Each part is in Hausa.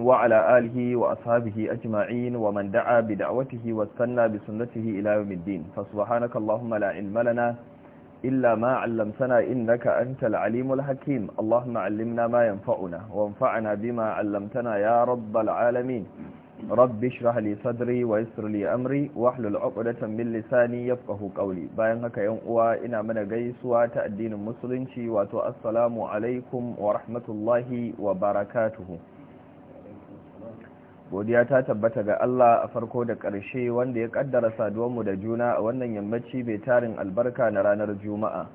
وعلى آله وأصحابه أجمعين ومن دعا بدعوته واستنى بسنته إلى يوم الدين فسبحانك اللهم لا علم لنا إلا ما علمتنا إنك أنت العليم الحكيم اللهم علمنا ما ينفعنا وانفعنا بما علمتنا يا رب العالمين رب اشرح لي صدري ويسر لي أمري واحلل عقدة من لساني يفقه قولي باين هكا ينقوى إنا من قيسوى تأدين المسلمشي واتو السلام عليكم ورحمة الله وبركاته godiya ta tabbata ga Allah a farko da ƙarshe wanda ya ƙaddara saduwanmu da juna a wannan yammaci mai tarin albarka na ranar juma'a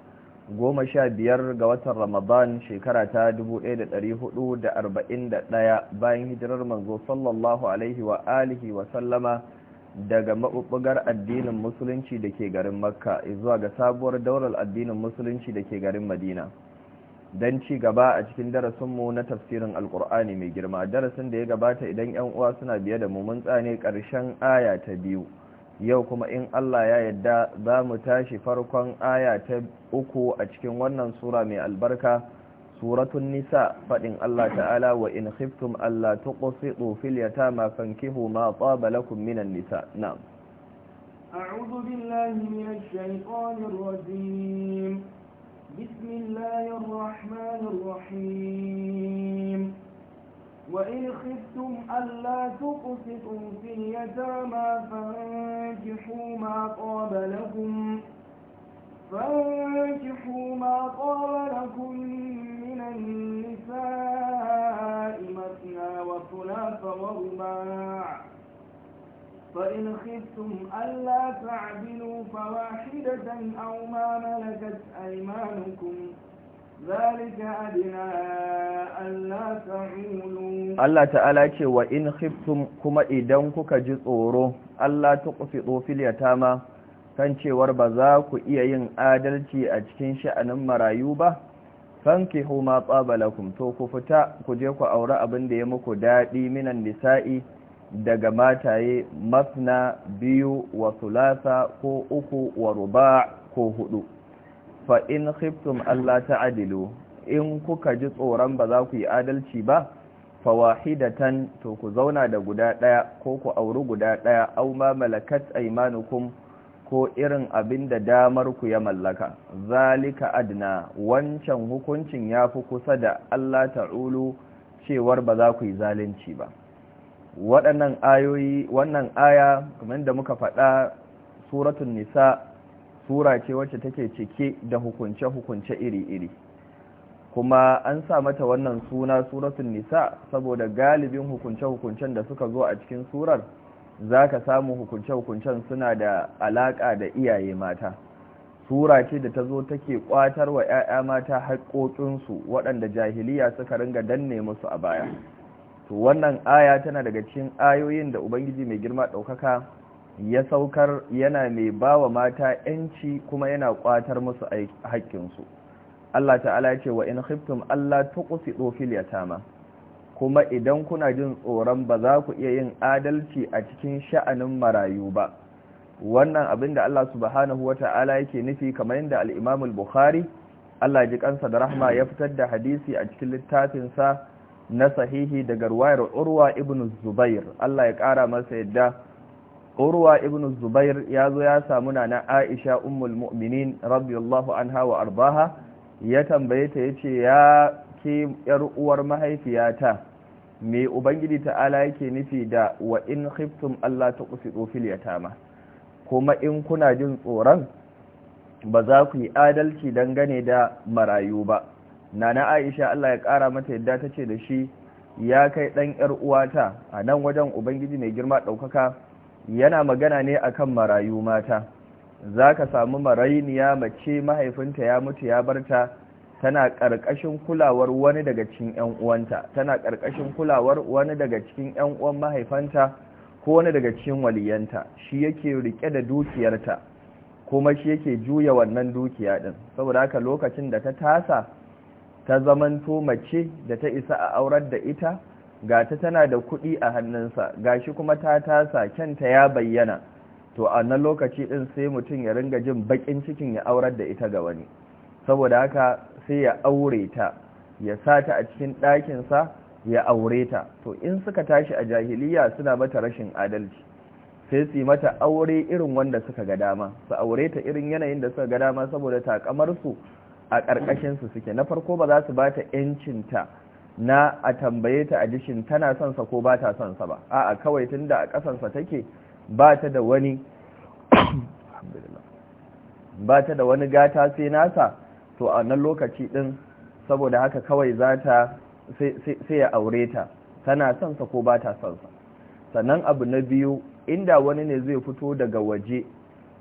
goma sha biyar ga watan ramadan shekara ta 1441 bayan hijirar manzo sallallahu alaihi wa alihi wa sallama daga maɓuɓɓugar addinin musulunci da ke garin makka zuwa ga sabuwar daular addinin musulunci da ke garin madina dan ci gaba a cikin darasinmu na tafsirin alkur'ani mai girma darasin da ya gabata idan yan uwa suna biye da mu mun tsane ƙarshen aya ta biyu yau kuma in Allah ya yadda za mu tashi farkon aya ta uku a cikin wannan sura mai albarka suratun nisa faɗin Allah ta'ala wa in khiftum alla tuqsitu fil yatama fankihu ma taba lakum minan nisa na'am a'udhu billahi minash shaitanir rajim بسم الله الرحمن الرحيم وإن خفتم ألا تقسطوا في اليتامى فانكحوا ما طاب لكم خفتم ألا تعدلوا فواحدة أو ما ملكت أيمانكم ذلك أدنى ألا تعولوا الله تعالى ce wa in khiftum kuma idan kuka ji tsoro Allah tuqfidu fil yatama kan cewar ba za ku iya yin adalci a cikin sha'anin marayu ba kan ma tsaba lakum to ku fita ku je ku aure abin da ya muku daɗi minan nisa'i daga mataye masna biyu wa sulasa ko uku wa ruba ko hudu fa in khiftum alla ta'dilu in kuka ji tsoron ba za ku yi adalci ba fa wahidatan to ku zauna da guda daya ko ku auri guda daya aw ma malakat aymanukum ko irin abin da damar ku ya mallaka zalika adna wancan hukuncin yafi kusa da Allah ta'ulu cewar ba za ku yi zalunci ba waɗannan ayoyi wannan aya kamar da muka faɗa suratun nisa sura ce wacce take cike da hukunce-hukunce iri-iri kuma an sa mata wannan suna suratun nisa saboda galibin hukunce-hukuncen da suka zo a cikin surar za ka samu hukunce-hukuncen suna da alaƙa da iyaye mata sura ce da ta zo take ƙwatar wa 'ya'ya mata haƙoƙinsu waɗanda jahiliya suka ringa danne musu a baya to wannan aya tana daga cikin ayoyin da ubangiji mai girma ɗaukaka ya saukar yana mai bawa mata yanci kuma yana kwatar musu haƙƙinsu Allah ta'ala ce wa in khiftum Allah tuqsidu fil yatama kuma idan kuna jin tsoron ba za ku iya yin adalci a cikin sha'anin marayu ba wannan abin da Allah subhanahu Ta'ala yake nufi kamar yadda al-Imam bukhari Allah ji kansa da rahma ya fitar da hadisi a cikin littafinsa na sahihi daga ruwayar urwa ibn zubair Allah ya kara masa yadda urwa ibn zubair ya zo ya samu na aisha umul mu'minin radiyallahu anha wa arbaha ya tambaye ta ce ya ke yar uwar mahaifiyata me ubangiji ta'ala yake nufi da wa in khiftum Allah ta tuqsidu ya yatama kuma in kuna jin tsoron ba za ku yi adalci dangane da marayu ba nana aisha Allah ya kara mata yadda ta ce da shi ya kai ɗan yar uwata a nan wajen ubangiji mai girma ɗaukaka yana magana ne akan marayu mata Za zaka samu marainiya mace mahaifinta ya mutu ya barta tana ƙarƙashin kulawar wani daga cikin yan uwanta tana karkashin kulawar wani daga cikin yan uwan mahaifanta ko wani daga cikin waliyanta shi yake rike da dukiyarta kuma shi yake juya wannan dukiya din saboda haka lokacin da ta tasa ta zamanto mace da ta isa a aurar da ita ga ta tana da kuɗi a hannunsa shi kuma ta tasa kyanta ya bayyana to a nan lokaci ɗin sai mutum ya ringa jin baƙin cikin ya aurar da ita ga wani saboda haka sai ya aure ta ya sata a cikin ɗakinsa ya aure ta to in suka tashi a jahiliya suna mata rashin adalci sai su yi mata aure irin wanda suka ga dama su aure ta irin yanayin da suka ga dama saboda takamarsu a ƙarƙashin su suke na farko ba za su ba ta ta na a tambaye ta a jishin tana son sa ko ba ta son sa ba a'a kawai tun da a ƙasansa take ba ta da wani ba ta da wani gata sai nasa to a nan lokaci din saboda haka kawai za ta sai ya aure ta tana son sa ko ba ta son sa sannan abu na biyu inda wani ne zai fito daga waje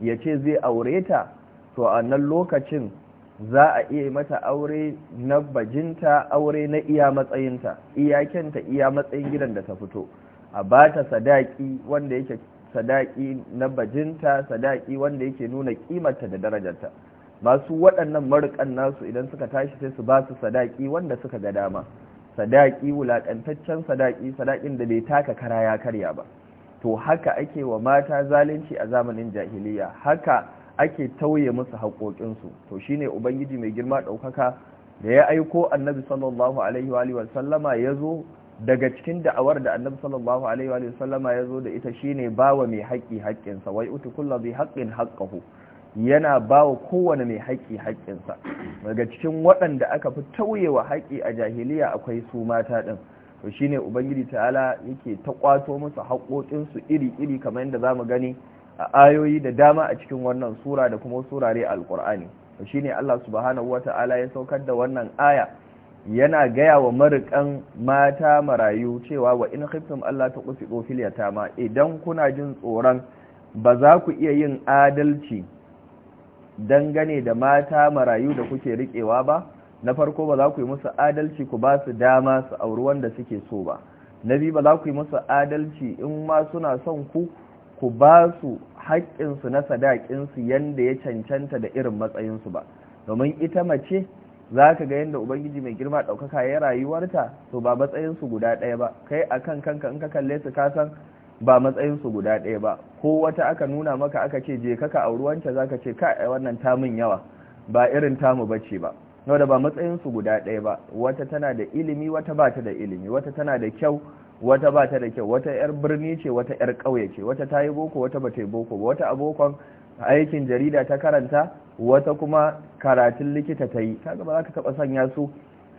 ya ce zai aure ta to a nan lokacin za a iya mata aure na bajinta aure na iya matsayinta iyakenta iya matsayin gidan da ta fito a ba ta sadaki wanda yake sadaki na bajinta sadaki wanda yake nuna kimarta da darajarta masu waɗannan marukan nasu idan suka tashi sai su ba su sadaki wanda suka ga dama sadaki wulaƙantaccen sadaki sadakin da bai taka kara ya karya ba to haka ake wa mata zalunci a zamanin jahiliya haka ake tauye musu haƙoƙinsu to shi ne ubangiji mai girma ɗaukaka da ya aiko annabi sallallahu alaihi wa sallama ya zo daga cikin da'awar da annabi sallallahu alaihi wa sallama ya zo da ita shi shine bawa mai haƙƙi haƙƙinsa wai utu zai bi haƙƙin haƙƙahu yana bawa kowane mai haƙƙi haƙƙinsa daga cikin waɗanda aka fi tauye wa haƙƙi a jahiliya akwai su mata ɗin to shi ne ubangiji ta'ala yake ta ƙwato musu haƙoƙinsu iri-iri kamar yadda za mu gani a ayoyi da dama a cikin wannan sura da kuma surare alkur'ani shine Allah subhanahu wata'ala ya saukar da wannan aya yana gaya wa marikan mata marayu cewa wa in khiftum Allah ta kusido fil yatama idan kuna jin tsoron ba za ku iya yin adalci dangane da mata marayu da kuke riƙewa ba na farko ba za ku yi musu adalci ku ba su dama su auri wanda suke so ba na biyu ba za ku yi musu adalci in ma suna son ku ku ba su haƙƙinsu na sadaƙinsu yadda ya cancanta da irin matsayinsu ba domin ita mace za ka ga yadda ubangiji mai girma ɗaukaka ya rayuwarta to ba matsayinsu guda ɗaya ba kai a kan kanka in ka kalle su ka san ba matsayinsu guda ɗaya ba ko wata aka nuna maka aka ce je kaka a ruwanta za ka ce ka a wannan tamun yawa ba irin tamu bace ba wadda ba matsayinsu guda ɗaya ba wata tana da ilimi wata ba ta da ilimi wata tana da kyau wata ba ta da kyau wata yar birni ce wata yar ƙauye ce wata ta yi boko wata ba ta yi boko ba wata abokon aikin jarida ta karanta wata kuma karatun likita ta yi ta gaba za ka taɓa sanya su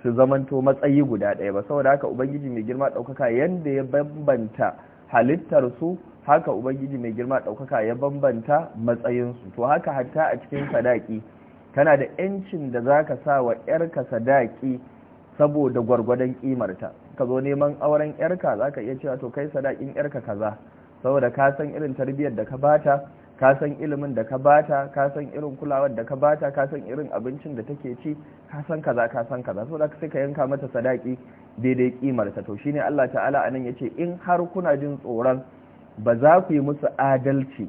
su zamanto matsayi guda ɗaya ba saboda haka ubangiji mai girma ɗaukaka yadda ya bambanta halittar su haka ubangiji mai girma ɗaukaka ya bambanta matsayinsu to haka hatta a cikin sadaki kana da 'yancin da za ka sa wa 'yarka sadaki saboda gwargwadon ƙimarta ka zo neman auren yarka za ka iya cewa to kai sadakin yarka kaza saboda ka san irin tarbiyyar da ka bata ka san ilimin da ka bata ka san irin kulawar da ka bata ka san irin abincin da take ci ka san kaza ka san kaza saboda ka sai ka yanka mata sadaki daidai kimar ta to shine Allah ta'ala anan yace in har kuna jin tsoron ba za ku yi musu adalci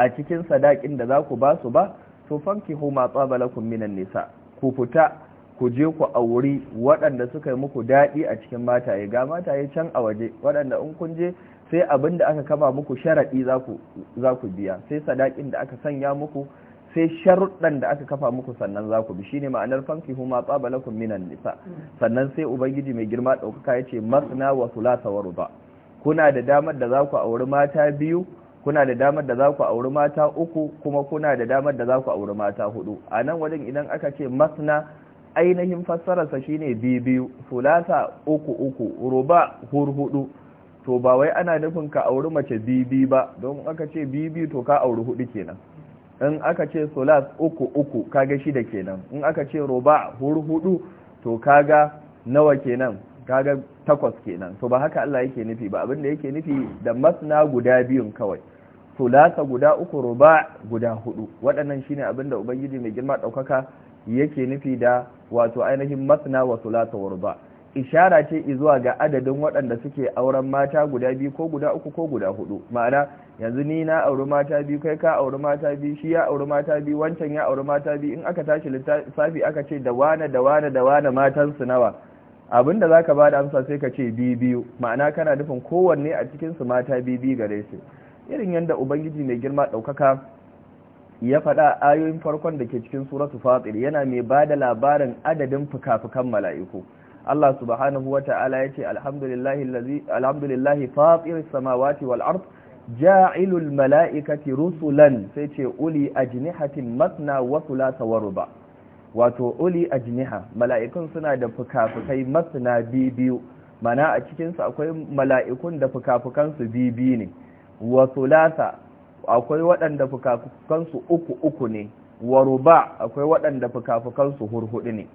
a cikin sadakin da za ku ba su ba to fankihu ma tsaba lakum minan nisa ku fita ku je ku auri waɗanda suka yi muku daɗi a cikin mataye ga mataye can a waje waɗanda in kun je sai abin da aka kama muku sharaɗi za ku biya sai sadakin da aka sanya muku sai sharuɗan da aka kafa muku sannan za ku bi ne ma'anar fanki huma tsabalakun minan nisa sannan sai ubangiji mai girma ɗaukaka ya ce masna wa sulasa wa kuna da damar da za ku auri mata biyu kuna da damar da za ku auri mata uku kuma kuna da damar da za ku auri mata hudu a nan wajen idan aka ce masna ainihin fassararsa shine biyu fulasa uku uku ruba hurhudu to ba wai ana nufin ka auri mace bibi ba don aka ce bibi to ka auri hudu kenan in aka ce sulas uku uku kaga shida kenan in aka ce ruba hurhudu to kaga nawa kenan kaga takwas kenan to ba haka Allah yake nufi ba abinda yake nufi da masna guda biyun kawai sulasa guda uku ruba guda hudu waɗannan shine abin da ubangiji mai girma ɗaukaka yake nufi da wato ainihin masna wa sulata warba. ishara ce zuwa ga adadin waɗanda suke auren mata guda biyu ko guda uku ko guda hudu ma'ana yanzu ni na auri mata biyu kai ka auri mata biyu shi ya auri mata biyu wancan ya auri mata biyu in aka tashi lissafi aka ce da wane da wane da wane matan su nawa abinda zaka bada amsa sai ka ce biyu biyu ma'ana kana nufin kowanne a cikin su mata biyu biyu gare su irin yanda ubangiji mai girma ɗaukaka ya faɗa ayoyin farkon da ke cikin suratu fatir yana mai ba da labarin adadin fuka-fukan mala'iku Allah subhanahu wa ta'ala ya ce alhamdulillahi fatir samawati wal ard ja'ilul mala'ikati rusulan sai ce uli a ajnihatin matna wasu thulatha wa ba wato uli a jiniha mala'ikun suna da fuka-fukai matna mana a cikinsu akwai mala'ikun da fuka bibi ne wasu lasa. akwai waɗanda fukafukansu uku uku ne wa ruba akwai waɗanda fukafukansu hurhuɗu ne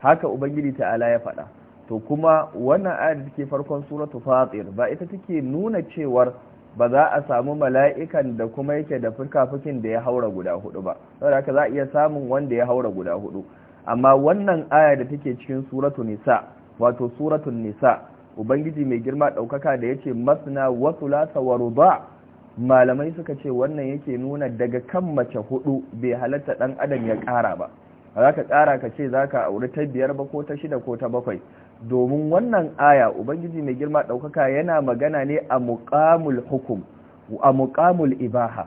haka ubangiji ta'ala ya faɗa to kuma wannan ayar da take farkon suratu fatir ba ita take nuna cewar ba za a samu mala'ikan da kuma yake da fukafukin da ya haura guda hudu ba saboda haka za a iya samun wanda ya haura guda hudu amma wannan aya da take cikin suratu nisa wato suratun nisa ubangiji mai girma ɗaukaka da yace masna wa thulatha wa ruba' malamai suka ce wannan yake nuna daga kan mace hudu bai halatta dan adam ya kara ba za ka kara ka ce za ka auri ta biyar ba ko ta shida ko ta bakwai domin wannan aya ubangiji mai girma ɗaukaka yana magana ne a muƙamul hukum a muƙamul ibaha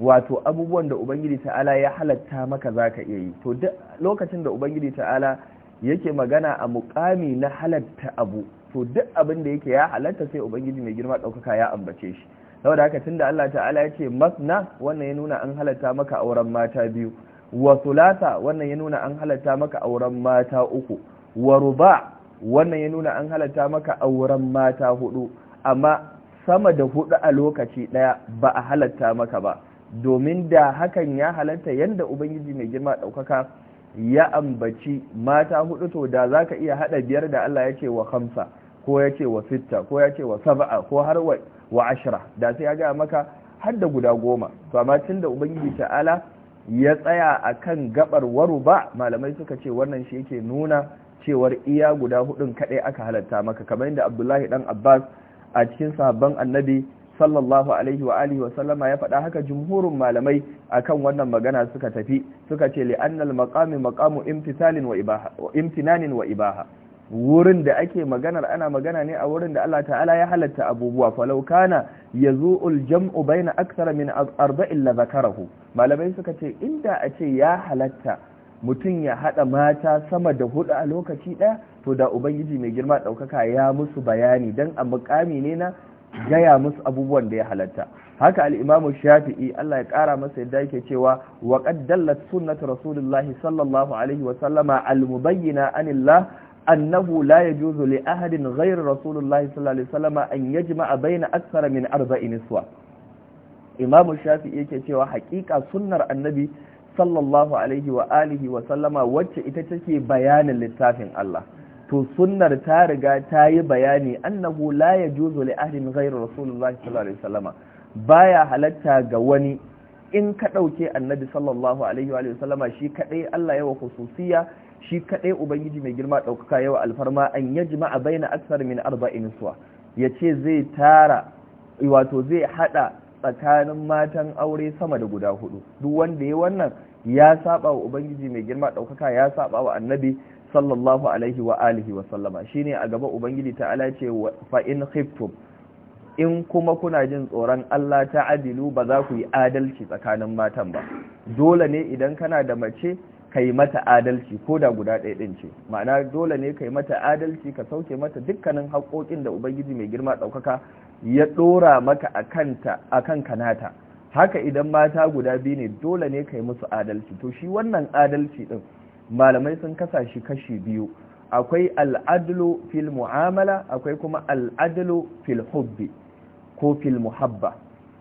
wato abubuwan da ubangiji ta'ala ya halatta maka za ka iya yi to lokacin da ubangiji ta'ala yake magana a muƙami na halatta abu to duk abin da yake ya halatta sai ubangiji mai girma ɗaukaka ya ambace shi saboda haka tunda Allah ta'ala ya ce masna wannan ya nuna an halatta maka auren mata biyu wa sulata wannan ya nuna an halatta maka auren mata uku wa ruba wannan ya nuna an halatta maka auren mata hudu amma sama da hudu a lokaci daya ba a halatta maka ba domin da hakan ya halatta yanda ubangiji mai girma daukaka ya ambaci mata hudu to da zaka iya hada biyar da Allah ya ce wa khamsa ko ya ce wa sitta ko ya ce wa saba'a ko har wa ashira da sai ya gaya maka har da guda goma to amma tun da ubangiji ta'ala ya tsaya a kan gabar waru ba malamai suka ce wannan shi yake nuna cewar iya guda hudun kaɗai aka halatta maka kamar yadda abdullahi dan abbas a cikin sahabban annabi sallallahu alaihi wa alihi wa sallama ya faɗa haka jumhurin malamai akan wannan magana suka tafi suka ce li'annal maqami maqamu imtithalin wa ibaha imtinanin wa ibaha wurin da ake maganar ana magana ne a wurin da Allah ta'ala ya halatta abubuwa Falaukana ya yazu'ul jam'u baina aksara min arba'in la zakarahu malamai suka ce inda a ce ya halatta mutum ya haɗa mata sama da hudu a lokaci ɗaya. to da ubangiji mai girma ɗaukaka ya musu bayani dan a mukami ne na gaya musu abubuwan da ya halatta haka al-imamu shafi'i Allah ya kara masa yadda yake cewa wa qaddallat sunnatu rasulillahi sallallahu alaihi wa sallama al-mubayyina anillah annahu la yajuzu li ahadin ghayr rasulullahi sallallahu alaihi wasallam an yajma'a baina akthara min arba'in niswa imam shafi'i yake cewa hakika sunnar annabi sallallahu alaihi wa alihi wa sallama wacce ita take bayanin littafin Allah to sunnar ta riga ta yi bayani annahu la yajuzu li ahadin ghayr rasulullahi sallallahu alaihi wasallama baya halatta ga wani in ka dauke annabi sallallahu alaihi wa sallama shi kadai Allah ya yawa khususiya shi kadai ubangiji mai girma daukaka yawa alfarma an yajma'a baina aksar min arba'in suwa yace zai tara wato zai hada tsakanin matan aure sama da guda hudu duk wanda ya wannan ya saba wa ubangiji mai girma daukaka ya saba wa annabi sallallahu alaihi wa alihi wa sallama shine a gaba ubangiji ta'ala ce fa in khiftum in kuma kuna jin tsoron Allah ta adilu ba za ku yi adalci tsakanin matan ba dole ne idan kana da mace kai mata adalci ko da guda ɗaya ɗin ce ma'ana dole ne kai mata adalci ka sauke mata dukkanin haƙoƙin da ubangiji mai girma ɗaukaka ya ɗora maka a kan kanata haka idan mata guda biyu ne dole ne kai musu adalci to shi wannan adalci ɗin malamai sun kasa shi kashi biyu akwai al'adlu fil mu'amala akwai kuma al'adlu fil hubbi ko fil muhabba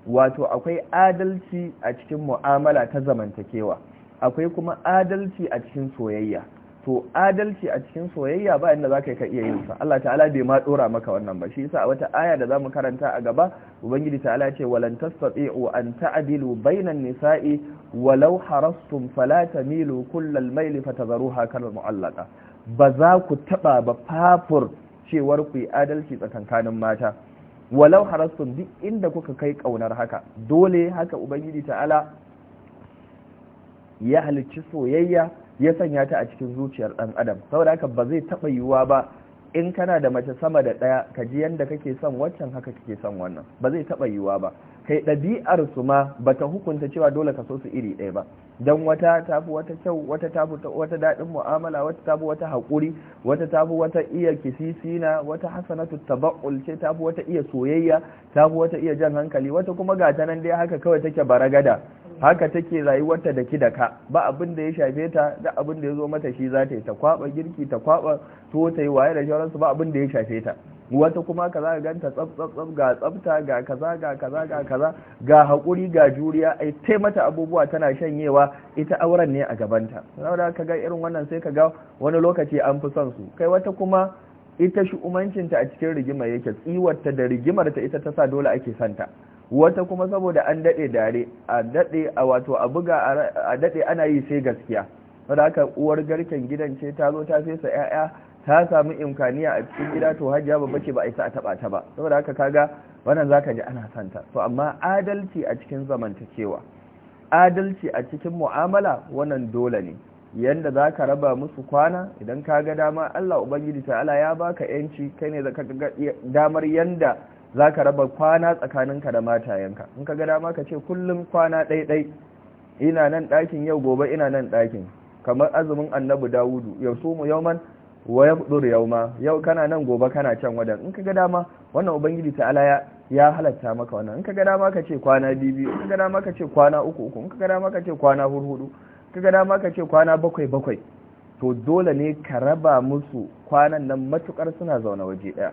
wato akwai adalci a cikin mu'amala ta zamantakewa akwai kuma adalci a cikin soyayya to adalci a cikin soyayya ba inda zaka ka iya yin sa Allah ta'ala bai ma dora maka wannan ba shi yasa a wata aya da zamu karanta a gaba ubangiji ta'ala ce walan tastati'u an ta'dilu bainan nisa'i walau harastum fala tamilu kullal mayl fatadharuha kal mu'allaqa ba za ku taba ba fafur cewar ku yi adalci tsakankanin mata walau harastum duk inda kuka kai kaunar haka dole haka ubangiji ta'ala ya halicci soyayya ya sanya ta a cikin zuciyar ɗan adam saboda haka ba zai taɓa yiwuwa ba in kana da mace sama da ɗaya ka ji yadda kake son waccan haka kake son wannan ba zai taɓa yiwuwa ba kai ɗabi'ar su ma ba ta hukunta cewa dole ka so su iri ɗaya ba don wata tafi wata kyau wata tafi wata daɗin mu'amala wata tafi wata haƙuri wata tafi wata iya kisisina wata hasanatu tabaul ce tafi wata iya soyayya tafi wata iya jan hankali wata kuma gata nan dai haka kawai take baragada haka take rayuwarta da kidaka ba abin da ya shafe ta da abin da ya zo mata shi za ta yi ta kwaba girki ta kwaba to ta yi waye da shawararsu ba abin da ya shafe ta wata kuma ka za ka ganta tsab tsab tsab ga tsabta ga kaza ga kaza ga kaza ga haƙuri ga juriya ai tai mata abubuwa tana shanyewa ita auren ne a gabanta saboda ka ga irin wannan sai ka ga wani lokaci an fi son su kai wata kuma ita shi umancinta a cikin rigimar yake tsiwarta da rigimarta ita ta sa dole ake santa wata kuma saboda an daɗe dare a daɗe a wato a buga a daɗe ana yi sai gaskiya wadda haka uwar garken gidan ce ta zo ta fesa 'ya'ya ta samu imkaniya a cikin gida to hajiya babba ce ba a isa a taɓa ta ba saboda haka kaga wannan zaka ji ana santa to amma adalci a cikin zamantakewa adalci a cikin mu'amala wannan dole ne yanda za ka raba musu kwana idan ka ga dama Allah Ubangiji ta'ala ya baka yanci kai ne zaka ga damar yanda za ka raba kwana tsakaninka da matayenka in ka ga dama ka ce kullum kwana ɗaiɗai ina nan ɗakin yau gobe ina nan ɗakin kamar azumin annabi dawudu yau su mu yauman wa ya fudur yauma yau kana nan gobe kana can wadan in ka ga dama wannan ubangiji ta Ala ya halatta maka wannan in ka ga dama ka ce kwana biyu in ka ga dama ka ce kwana uku uku in ka ga dama ka ce kwana hurhudu in ka ga dama ka ce kwana bakwai bakwai to dole ne ka raba musu kwanan nan matukar suna zaune waje daya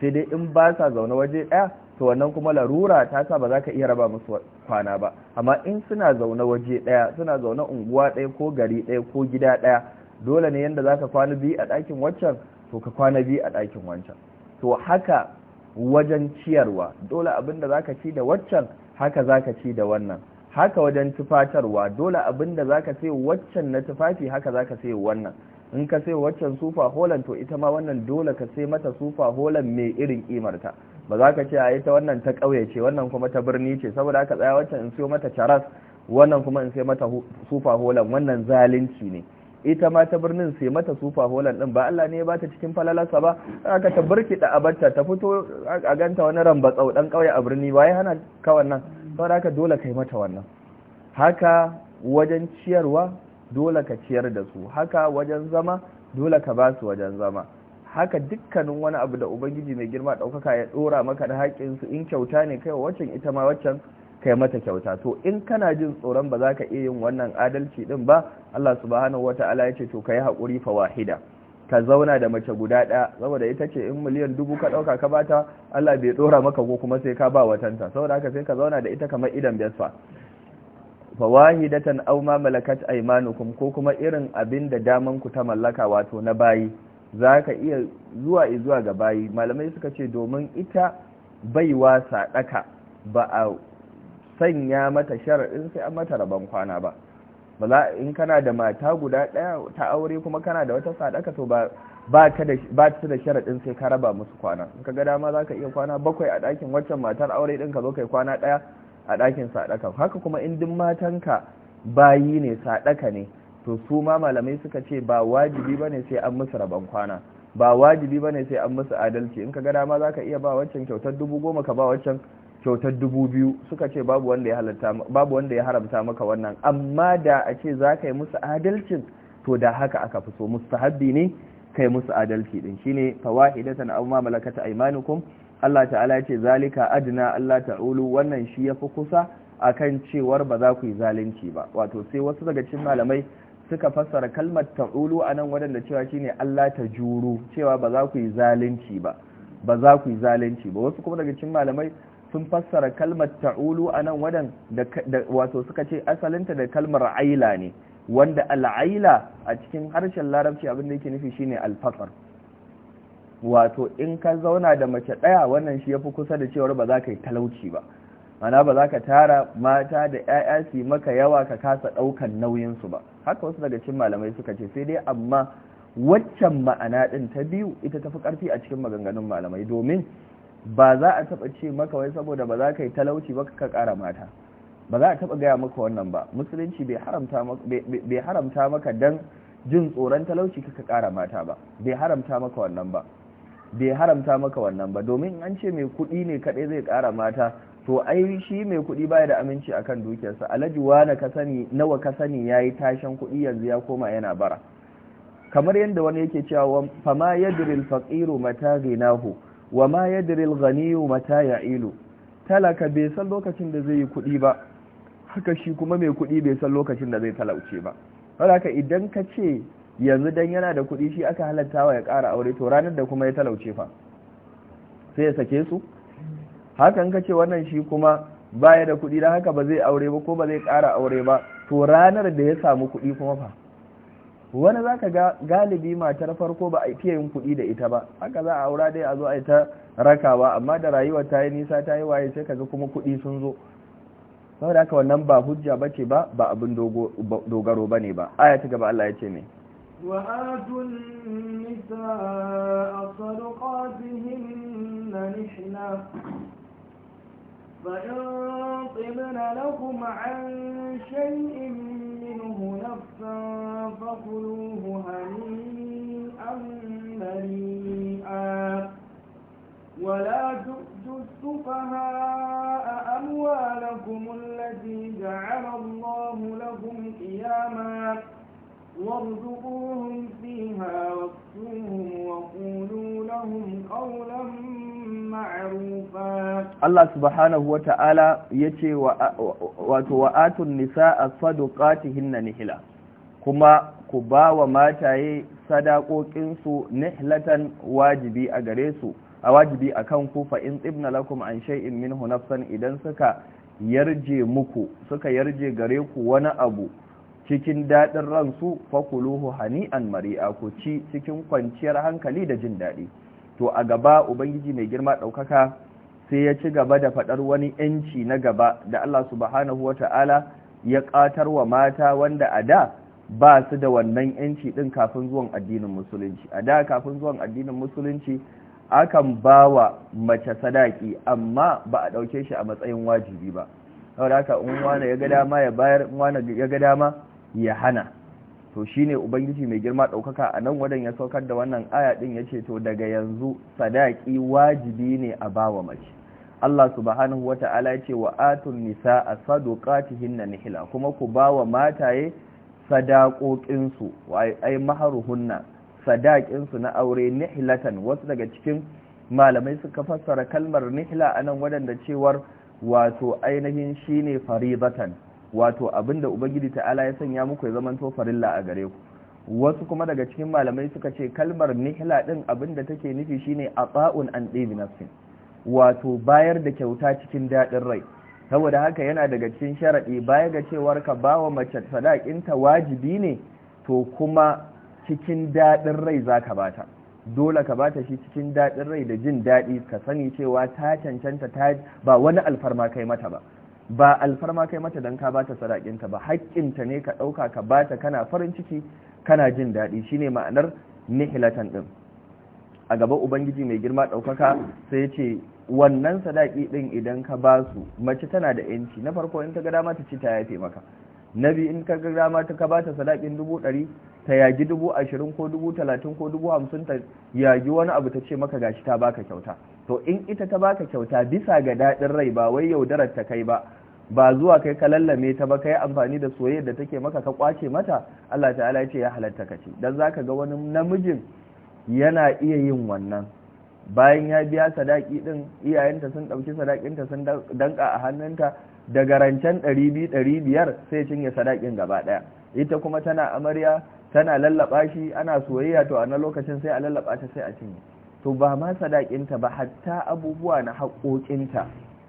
sai dai in ba sa zaune waje ɗaya to wannan kuma larura ta sa ba za ka iya raba musu kwana ba amma in suna zaune waje ɗaya suna zaune unguwa ɗaya ko gari ɗaya ko gida ɗaya dole ne yadda za ka kwana biyu a ɗakin waccan to ka kwana biyu a ɗakin wancan to haka wajen ciyarwa dole abin da za ka ci da waccan haka za ka ci da wannan haka wajen tufatarwa dole abin da za ka sai waccan na tufafi haka za ka sai wannan in ka sai waccan sufa holan to ita ma wannan dole ka sai mata sufa holan mai irin kimarta ba za ka ce a ita wannan ta ƙauye ce wannan kuma ta birni ce saboda aka tsaya waccan in siyo mata caras wannan kuma in sai mata sufa holan wannan zalunci ne ita ma ta birnin sai mata sufa holan din ba Allah ne ya bata cikin falalarsa ba aka ta burkida abarta ta fito a ganta wani tsau dan ƙauye a birni ba. waye hana ka wannan saboda haka dole kai mata wannan haka wajen ciyarwa dole ka ciyar da su haka wajen zama dole ka ba su wajen zama haka dukkanin wani abu da ubangiji mai girma ɗaukaka ya dora maka da haƙin su in kyauta ne kai waccan ita ma waccan kai mata kyauta to in kana jin tsoron ba za ka iya yin wannan adalci din ba Allah subhanahu wata'ala ya ce to kai hakuri fa wahida ka zauna da mace guda ɗaya saboda ita ce in miliyan dubu ka ɗauka ka bata Allah bai ɗora maka ko kuma sai ka ba watanta saboda haka sai ka zauna da ita kamar idan fa. fawahidatan aw ma malakat aymanukum ko kuma irin abin da daman ku ta mallaka wato na bayi zaka iya zuwa zuwa ga bayi malamai suka ce domin ita baiwa sadaka ba a sanya mata sharadin sai an mata rabon kwana ba bala in kana da mata guda daya ta aure kuma kana da wata sadaka to ba ba ta da sharaɗin sai ka raba musu kwana ka ga dama zaka iya kwana bakwai a dakin waccan matar aure din ka zo kai kwana daya. a ɗakin sadaka haka kuma in duk matanka bayi ne sadaka ne to su ma malamai suka ce ba wajibi bane sai an musu rabon kwana ba wajibi bane sai an musu adalci in ka ga dama zaka iya ba waccan kyautar dubu goma ka ba waccan kyautar dubu biyu suka ce babu wanda ya halatta babu wanda ya haramta maka wannan amma da a ce za ka yi musu adalcin to da haka aka fi so mustahabbi ne kai musu adalci din shine fawahidatan amma malakata aymanukum Allah ta'ala ya ce zalika adna Allah ta'ulu wannan shi yafi kusa akan cewar ba za ku yi zalunci ba wato sai wasu daga cikin malamai suka fassara kalmar ta'ulu a nan wadanda cewa shine Allah ta juru cewa ba za ku yi zalunci ba ba za ku yi zalunci ba wasu kuma daga cikin malamai sun fassara kalmar ta'ulu a nan wadanda wato suka ce asalinta da kalmar aila ne wanda al'aila a cikin harshen larabci abin da yake nufi shine al-fasar wato in ka zauna da mace ɗaya wannan shi ya fi kusa da cewar ba za ka yi talauci ba mana ba za ka tara mata da 'ya'ya su maka yawa ka kasa ɗaukan nauyinsu ba haka wasu daga cikin malamai suka ce sai dai amma waccan ma'ana ɗin ta biyu ita tafi ƙarfi a cikin maganganun malamai domin ba za a taɓa ce maka wai saboda ba za ka yi talauci ba ka ƙara mata ba za a taɓa gaya maka wannan ba musulunci bai haramta maka don jin tsoron talauci ka ƙara mata ba bai haramta maka wannan ba bai haramta maka wannan ba domin an ce mai kuɗi ne kaɗai zai ƙara mata to ai shi mai kuɗi baya da aminci akan dukiyarsa alhaji wani ka sani nawa ka sani yayi tashen kuɗi yanzu ya koma yana bara kamar yadda wani yake cewa fama yadri al-faqiru mata ghinahu wa ma yadri al-ghaniyu mata ya'ilu talaka bai san lokacin da zai yi kuɗi ba haka shi kuma mai kuɗi bai san lokacin da zai talauce ba haka idan ka ce yanzu dan yana da kuɗi shi aka halatta wa ya ƙara aure to ranar da kuma ya talauce fa sai ya sake su hakan kace wannan shi kuma baya da kuɗi da haka ba zai aure ba ko ba zai ƙara aure ba to ranar da ya samu kuɗi kuma fa wani za ka ga galibi matar farko ba a fiye yin kuɗi da ita ba haka za a aura dai a zo a yi ta rakawa amma da rayuwa ta yi nisa ta yi waye sai ka ga kuma kuɗi sun zo saboda haka wannan ba hujja ba ce ba ba abin dogaro ba ne ba aya ta gaba Allah ya ce ne وآتوا النساء صدقاتهن نحلة فإن طبن لكم عن شيء منه نفسا فكلوه هنيئا مريئا ولا تؤتوا السفهاء أموالكم التي جعل الله لكم قياما وارزقوهم فيها واكسوهم وقولوا لهم قولا معروفا الله سبحانه وتعالى يتي وآتوا النساء صدقاتهن نهلا كما كبا وماتاي صدقوكنسو نهلة واجبي أغريسو a wajibi a kan kufa in tsibna lakum an shay'in min hunafsan idan suka yarje muku suka yarje gare ku wani abu cikin daɗin ransu fakuluhu hani'an mari'a ku ci cikin kwanciyar hankali da jin daɗi to a gaba ubangiji mai girma ɗaukaka sai ya ci gaba da faɗar wani ‘yanci na gaba da Allah subhanahu wa ta'ala ya ƙatar wa mata wanda a da ba su da wannan ‘yanci ɗin kafin zuwan addinin musulunci a da kafin zuwan addinin musulunci akan ba wa mace sadaki amma ba a ɗauke shi a matsayin wajibi ba saboda haka in wani ya ga dama ya bayar in wani ya ga dama ya hana to shine ubangiji mai girma ɗaukaka a nan wadan ya saukar da wannan aya ɗin ya ce to daga yanzu sadaki wajibi ne a bawa mace Allah subhanahu wata'ala ya ce wa atun nisa a hinna nihila kuma ku bawa mataye sadakokinsu ai maharuhunna sadakinsu na aure nihilatan wasu daga cikin malamai suka fassara kalmar nihila anan wadanda cewar wato ainihin shine faribatan wato abinda ubangiji ta'ala ya sanya muku ya zamanto farilla a gare ku wasu kuma daga cikin malamai suka ce kalmar nihla din abinda take nufi shine ata'un an dibi nafsin wato bayar da kyauta cikin dadin rai saboda haka yana daga cikin sharadi baya ga cewar ka bawa mace sadakin ta wajibi ne to kuma cikin dadin rai zaka bata dole ka bata shi cikin dadin rai da jin dadi ka sani cewa ta cancanta ta ba wani alfarma kai mata ba ba alfarma kai mata don ka bata sadakinta ba haƙƙinta ne ka ɗauka ka bata kana farin ciki kana jin daɗi shine ma'anar nihilatan ɗin a gaba ubangiji mai girma ɗaukaka sai ce wannan sadaki ɗin idan ka ba su mace tana da yanci na farko in ta ga dama ta ci ta yafe maka na biyu in ka ga dama ta ka ba ta sadakin dubu ɗari ta yagi dubu ashirin ko dubu talatin ko dubu hamsin ta yagi wani abu ta ce maka gashi ta baka kyauta to in ita ta baka kyauta bisa ga daɗin rai ba wai yaudarar ta kai ba ba zuwa kai ka lallame ta ba kai amfani da soyayyar da take maka ka kwace mata Allah ta'ala ya ce ya halatta ka ce dan zaka ga wani namijin yana iya yin wannan bayan ya biya sadaki din iyayenta sun dauki ta sun danka a hannunta daga rancen 200 500 sai cinye sadakin gaba daya ita kuma tana amarya tana lallaba shi ana soyayya to a na lokacin sai a lallaba ta sai a cinye to ba ma sadakinta ba hatta abubuwa na haƙoƙinta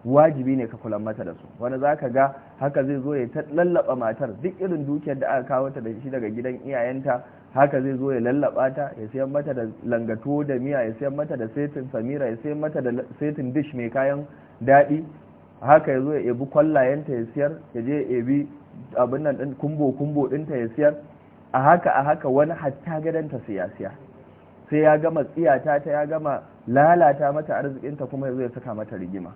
wajibi ne ka kula mata da su wani za ka ga haka zai zo ya ta lallaba matar duk irin dukiyar da aka kawo ta da shi daga gidan iyayenta haka zai zo ya lallaba ta ya sayan mata da langato da miya ya sayan mata da setin samira ya sayan mata da setin dish mai kayan daɗi haka ya zo ya ebi kwallayenta ya siyar ya je ya ebi abin nan kumbo kumbo ɗinta ya siyar a haka a haka wani hatta gadanta siyasiya sai ya gama tsiyata ta ya gama lalata mata arzikinta kuma zai saka mata rigima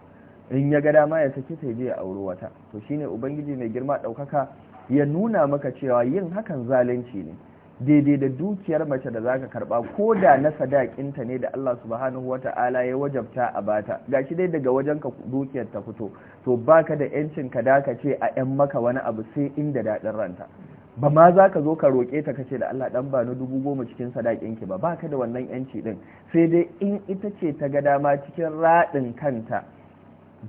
in ya ga dama ya saki sai je ya auri wata to shine ubangiji mai girma daukaka ya nuna maka cewa yin hakan zalunci ne daidai da dukiyar mace da zaka karba ko da na sadakinta ne da Allah subhanahu wata'ala ya wajabta a bata gashi dai daga wajen ka dukiyar ta fito to baka da yancin ka daka ce a yan maka wani abu sai inda dadin ranta ba ma za ka zo ka roƙe ta kace da Allah dan ba na dubu goma cikin sadakin ki ba baka da wannan yanci din sai dai in ita ce ta ga dama cikin radin kanta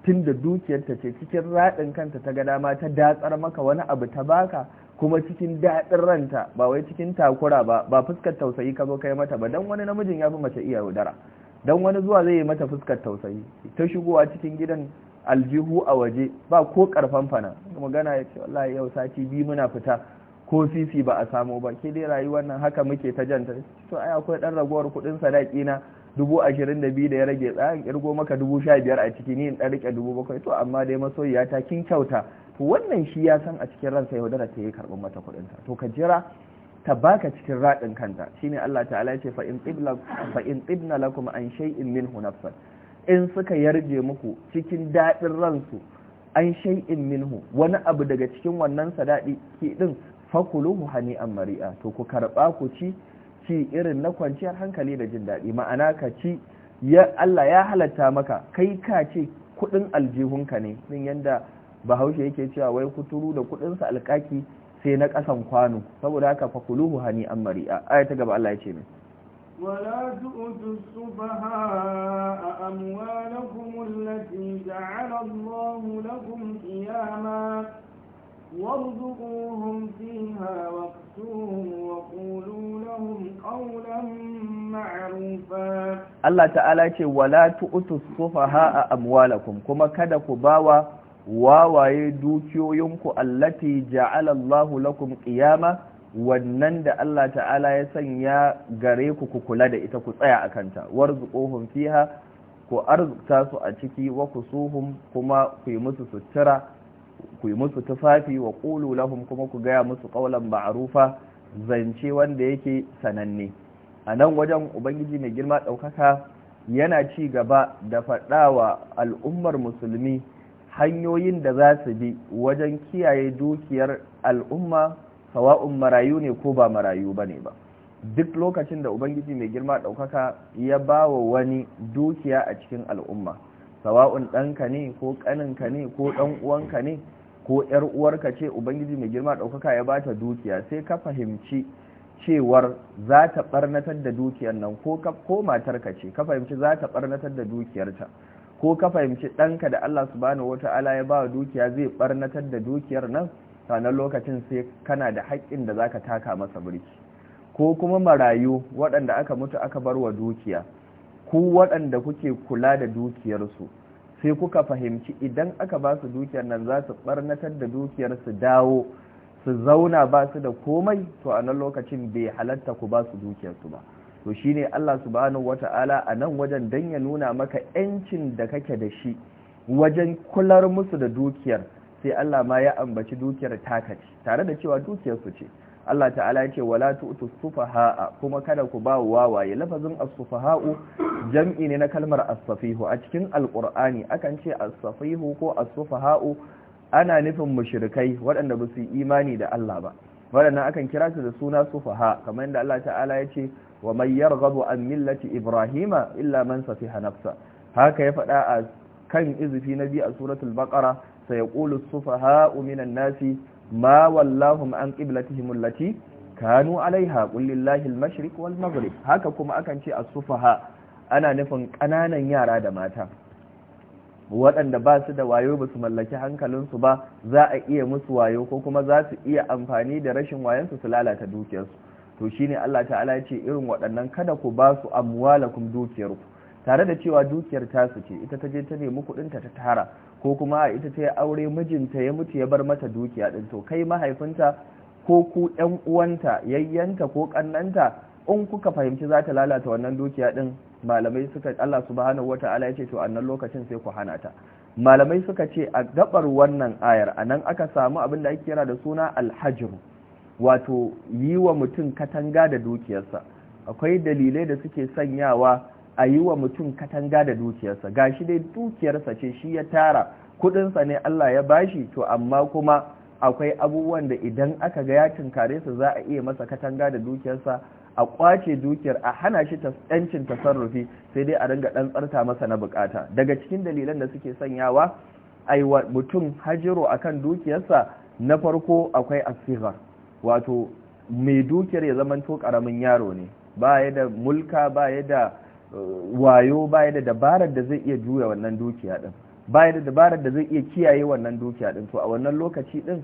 tunda dukiyarta ce cikin radin kanta ta ga dama ta datsar maka wani abu ta baka kuma cikin daɗin ranta ba wai cikin takura ba ba fuskar tausayi ka zo kai mata ba dan wani namijin ya fi mace iya yaudara dan wani zuwa zai yi mata fuskar tausayi ta shigowa cikin gidan aljihu a waje ba ko karfan fana magana ya ce wallahi yau sati biyu muna fita ko sisi ba a samu ba ke dai rayuwar nan haka muke ta janta to ai akwai dan ragowar kudin sadaki na dubu da ya rage tsayin kirgo maka dubu sha biyar a ciki ni in ɗan rike dubu to amma dai ya ta kin kyauta to wannan shi ya san a cikin ransa yaudara ta yi karɓar mata kuɗinta to ka jira ta baka cikin raɗin kanta shine Allah ta'ala ya ce fa in tibla fa in tibna lakum an shay'in minhu nafsan in suka yarje muku cikin daɗin ransu an shay'in minhu wani abu daga cikin wannan sadaki din fakuluhu an mari'a to ku karɓa ku ci ci irin na kwanciyar hankali da jin daɗi ma'ana ka ci ya Allah ya halatta maka kai ka ce kuɗin aljihunka ne ɗin yadda bahaushe yake cewa wai kuturu da kuɗinsa sa sai na ƙasan kwano saboda haka fakuluhu an mari'a aya ta gaba Allah ya ce min ولا تؤتوا السفهاء أموالكم التي جعل الله لكم قياما وارزقوهم فيها واقتوهم وقولوا لهم قولا معروفا الله تعالى يقول ولا تؤتوا السفهاء أموالكم كما كذا كباوة wawaye dukiyoyinku allati ja'ala lakum ƙiyama, wannan da Allah ta'ala ya sanya gare ku ku kula da ita ku tsaya akanta warzuquhum fiha ku arzuta su a ciki wa kusuhum kuma ku yi musu sutura ku yi musu tufafi wa ƙulu lahum kuma ku gaya musu ƙaunar maarufa zance wanda yake sananne a nan wajen ubangiji mai girma ɗaukaka yana ci gaba da faɗawa al'ummar musulmi hanyoyin da za su bi wajen kiyaye dukiyar al'umma sawa'un marayu ne ko ba marayu ba ne ba duk lokacin da ubangiji mai girma ɗaukaka ya ba wa wani dukiya a cikin al'umma sawa'un ɗanka ne ko ƙaninka ne ko ɗan uwanka ne ko ‘yar uwarka ce ubangiji mai girma ɗaukaka ya ba ta dukiya sai ka fahimci cewar za ta ɓarnatar da dukiyar nan ko matarka ce ka fahimci za ta ɓarnatar da dukiyarta ko ka fahimci ɗanka da Allah su wata wata'ala ya ba dukiya zai ɓarnatar da dukiyar nan sanar lokacin sai kana da haƙƙin da za ka taka masa birki ko kuma marayu waɗanda aka mutu aka bar wa dukiya ku waɗanda kuke kula da dukiyarsu sai kuka fahimci idan aka ba su dukiyar nan za su ɓarnatar da dukiyarsu dawo su zauna ba su da komai to a nan lokacin bai halatta ku ba su dukiyarsu ba to shine Allah subhanahu wata'ala a nan wajen dan ya nuna maka yancin da kake da shi wajen kular musu da dukiyar sai Allah ma ya ambaci dukiyar taka ce tare da cewa dukiyarsu ce Allah ta'ala ya ce wala tu'tu sufaha'a kuma kada ku ba wawaye lafazin as-sufaha'u jam'i ne na kalmar as-safihu a cikin alqur'ani akan ce as-safihu ko as-sufaha'u ana nufin mushrikai waɗanda ba su yi imani da Allah ba waɗannan akan kira su da suna sufaha kamar yadda Allah ta'ala ya ce wa man yarghabu an millati ibrahima illa man safiha nafsa haka ya faɗa a kan izifi na biyu a suratul baqara sayaqulu as-sufaha'u minan nasi ma wallahum an qiblatihim allati kanu alaiha qul lillahi al-mashriq wal maghrib haka kuma akan ce as-sufaha ana nufin kananan yara da mata waɗanda ba su da wayo ba su mallaki hankalinsu ba za a iya musu wayo ko kuma za su iya amfani da rashin wayansu su lalata dukiyarsu to shine Allah ta'ala ya ce irin waɗannan kada ku ba su amwalakum dukiyarku tare da cewa dukiyar tasu ce ita ta je ta nemi kudinta ta tara ko kuma ita ta yi aure mijinta ya mutu ya bar mata dukiya din to kai mahaifinta ko ku ɗan uwanta yayyanta ko kannanta in kuka fahimci za ta lalata wannan dukiya din malamai suka Allah subhanahu wata'ala ya ce to annan lokacin sai ku hana ta malamai suka ce a gabar wannan ayar anan aka samu abin da ake kira da suna alhajr wato yi wa mutum katanga da dukiyarsa akwai dalilai da suke sanyawa a yi wa mutum katanga da dukiyarsa ga shi dai dukiyarsa ce shi ya tara kudinsa ne Allah ya bashi to amma kuma akwai abubuwan da idan aka ga ya tunkare su za a iya masa katanga da dukiyarsa a kwace dukiyar a hana shi yancin tasarrufi sai dai a ringa dan tsarta masa na bukata daga cikin dalilan da suke sanyawa aiwa mutum hajiro akan dukiyarsa na farko akwai asfihar wato mai dukiyar ya zama to karamin yaro ne baya da mulka baya da wayo baya da dabarar da zai iya juya wannan dukiya din baya da dabarar da zai iya kiyaye wannan dukiya din to a wannan lokaci din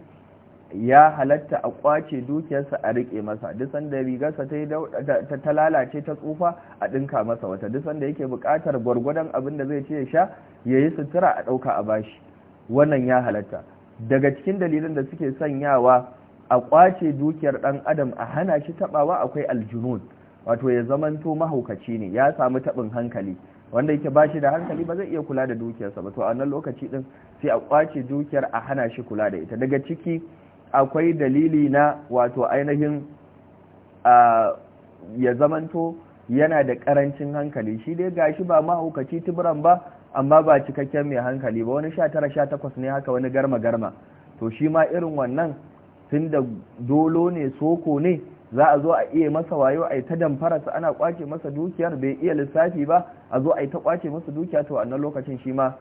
ya halatta a kwace dukiyarsa a rike masa duk sanda rigarsa ta ta lalace ta tsufa a dinka masa wata duk sanda yake buƙatar gwargwadon abin da zai ce ya sha ya yi sutura a ɗauka a bashi wannan ya halatta daga cikin dalilan da suke sanyawa a kwace dukiyar ɗan adam a hana shi tabawa akwai aljunun wato ya zamanto mahaukaci ne ya samu tabin hankali wanda yake ba shi da hankali ba zai iya kula da dukiyarsa ba to a nan lokaci din sai a kwace dukiyar a hana shi kula da ita daga ciki akwai dalili na wato ainihin ya zamanto yana da karancin hankali shi dai ga shi ba mahaukaci tibiran ba amma ba cikakken mai hankali ba wani sha tara sha ne haka wani garma garma to shi ma irin wannan tun da dolo ne soko ne za a zo a iya masa wayo a yi ta su ana kwace masa dukiyar bai iya lissafi ba a zo a yi ta kwace masa dukiya to wannan lokacin shi ma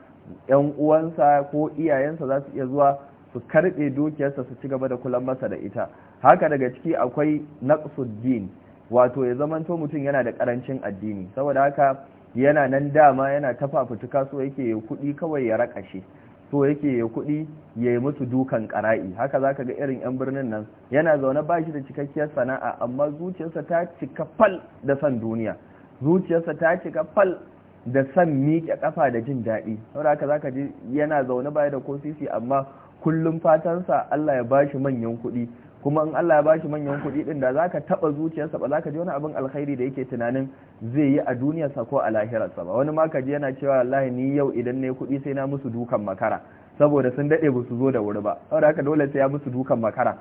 yan uwansa ko iyayensa za su iya zuwa su karɓe dukiyarsa su ci gaba da kulan masa da ita haka daga ciki akwai naqsuddin wato ya zamanto mutum yana da karancin addini saboda haka yana nan dama yana ta fafutuka so yake kuɗi kawai ya rakashe so yake ya kudi ya yi musu dukan ƙara'i haka za ka ga irin 'yan birnin nan yana zaune ba shi da cikakkiyar sana'a amma zuciyarsa ta cika fal da son duniya zuciyarsa ta cika fal da san miƙe ƙafa da jin daɗi saboda haka za ka ji yana zaune baya da ko sisi amma kullum fatansa Allah ya ba shi manyan kuɗi kuma in Allah ya bashi manyan kuɗi din da zaka taba zuciyarsa ba zaka ji wani abin alkhairi da yake tunanin zai yi a duniyarsa ko a lahirarsa ba wani ma kaji yana cewa wallahi ni yau idan na yi kuɗi sai na musu dukan makara saboda sun daɗe ba su zo da wuri ba saboda haka dole sai ya musu dukan makara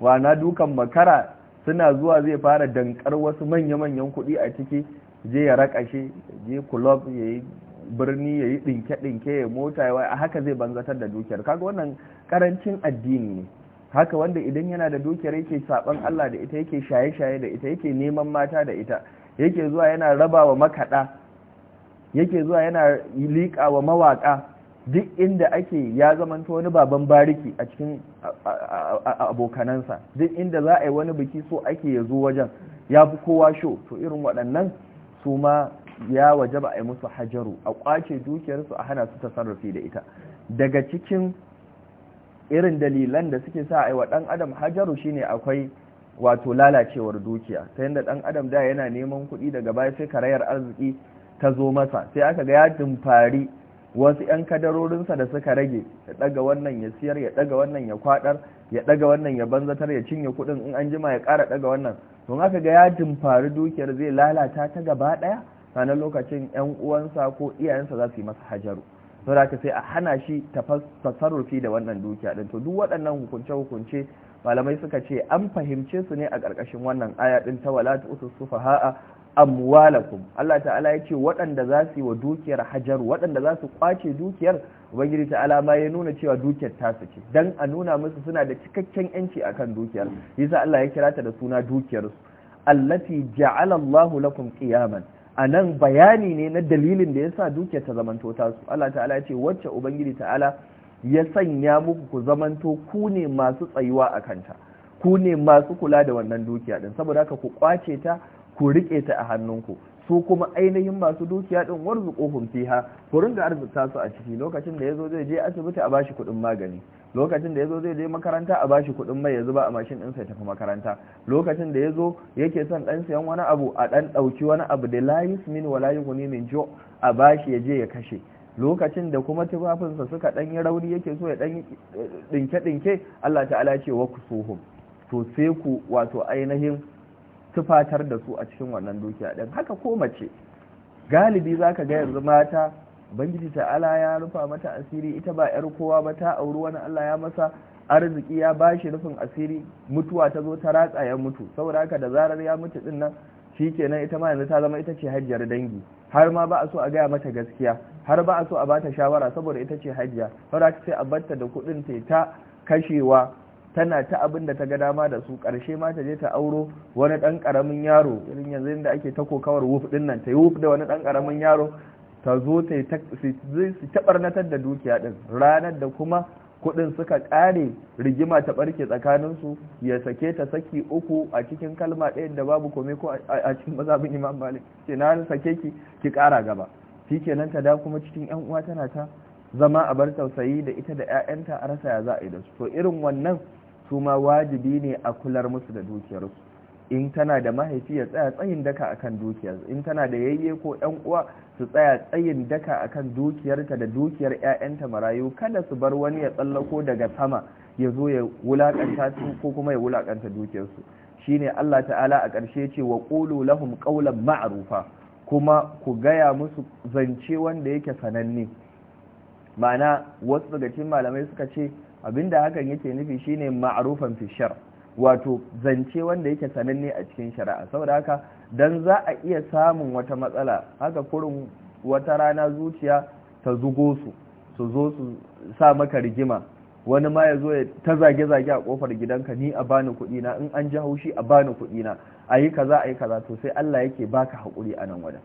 wa na dukan makara suna zuwa zai fara dankar wasu manya-manyan kuɗi a ciki je ya raka shi je club ya yi birni ya yi ɗinke-ɗinke ya mota ya a haka zai banzatar da dukiyar kaga wannan karancin addini ne haka wanda idan yana da dukiyar yake saban Allah da ita yake shaye-shaye da ita yake neman mata da ita yake zuwa yana raba wa makaɗa yake zuwa yana liƙa wa mawaƙa duk inda ake ya zamanta wani baban bariki a cikin abokanansa duk inda za a yi wani biki so ake ya zo wajen ya fi kowa sho to irin waɗannan su ma ya waje ba a yi musu hajaru a kwace dukiyarsu a hana su tasarrufi da ita daga cikin irin dalilan da suke sa aiwa dan adam hajaru shine akwai wato lalacewar dukiya ta yadda dan adam da yana neman kuɗi daga baya sai karayar arziki ta zo masa sai aka ga ya dumfari wasu 'yan kadarorinsa da suka rage ya daga wannan ya siyar ya daga wannan ya kwadar ya daga wannan ya banzatar ya cinye kuɗin in an jima ya ƙara daga wannan don aka ga ya dumfari dukiyar zai lalata ta gaba ɗaya sanan lokacin 'yan uwansa ko iyayensa za su yi masa hajaru to da sai a hana shi tasarrufi da wannan dukiya din to duk waɗannan hukunce hukunce malamai suka ce an fahimce su ne a ƙarƙashin wannan aya din ta wala tu'tu sufaha'a amwalakum Allah ta'ala ya ce waɗanda za su yi wa dukiyar hajaru waɗanda za su kwace dukiyar ubangiji ta'ala ma ya nuna cewa dukiyar ta su ce dan a nuna musu suna da cikakken yanci akan dukiyar yasa Allah ya kira ta da suna dukiyar su allati ja'ala Allahu lakum qiyaman a nan bayani ne na dalilin da ya sa dukiyar ta zamanto tasu Allah ta'ala ya ce wacce ubangiji ta'ala ya sanya muku ku zamanto ku ne masu tsayuwa a kanta ku ne masu kula da wannan dukiya din saboda haka ku kwace ta ku rike ta a hannunku su kuma ainihin masu dukiya din warzuquhum fiha ku ringa arzuta su a ciki lokacin da yazo zai je asibiti a bashi kuɗin magani lokacin da ya zo zai je makaranta a bashi kuɗin mai ya zuba a mashin ɗinsa ya tafi makaranta lokacin da ya zo yake son ɗan siyan wani abu a ɗan ɗauki wani abu da layis min wa layi guni min jo a bashi ya je ya kashe lokacin da kuma tufafinsa suka ɗan yi rauni yake so ya ɗan ɗinke-ɗinke eh, Allah ta'ala ce wa ku suhu to sai ku wato ainihin tufatar da su a cikin wannan dukiya ɗin haka ko mace galibi za ka ga yanzu mata ubangiji ta'ala ya rufa mata asiri ita ba yar kowa ba ta auri wani Allah ya masa arziki ya bashi rufin asiri mutuwa ta zo ta ratsa ya mutu saboda haka da zarar ya mutu din nan kenan ita ma yanzu ta zama ita ce hajjar dangi har ma ba a so a gaya mata gaskiya har ba a so a bata shawara saboda ita ce hajjiya har sai a barta da kuɗin ta ta kashewa tana ta abin da ta ga dama da su karshe ma ta je ta auro wani ɗan ƙaramin yaro irin yanzu da ake ta kokawar wuf ɗin nan ta yi wuf da wani ɗan ƙaramin yaro ta zo ta taɓarnatar da dukiya ɗin ranar da kuma kuɗin suka ƙare rigima ta ɓarke tsakaninsu ya sake ta saki uku a cikin kalma ɗaya da babu kome ko a cikin mazabin imam malik ce na sake ki ki ƙara gaba shi kenan ta da kuma cikin yan uwa tana ta zama a bar tausayi da ita da 'ya'yanta a rasa ya za a yi da su to irin wannan su ma wajibi ne a kular musu da dukiyarsu in tana da mahaifi ya tsaya tsayin daka akan dukiyar in tana da yayye ko yan uwa su tsaya tsayin daka akan dukiyarta da dukiyar 'ya'yanta marayu kada su bar wani ya tsallako daga sama ya zo ya wulakanta su ko kuma ya wulakanta dukiyarsu shine Allah ta'ala a ƙarshe ce wa ƙulu lahum qawlan ma'arufa kuma ku gaya musu zance wanda yake sananne ma'ana wasu daga cikin malamai suka ce abinda hakan yake nufi shine ma'rufan fi shar' wato zance wanda yake sananne a cikin shari'a saboda haka dan za a iya samun wata matsala haka kurin wata rana zuciya ta zugo su su zo su sa maka rigima wani ma ya zo ya ta zage-zage a kofar gidanka ni a bani kuɗi na in an ji haushi a bani kuɗi na a yi kaza a yi kaza to sai Allah yake baka haƙuri a nan wadan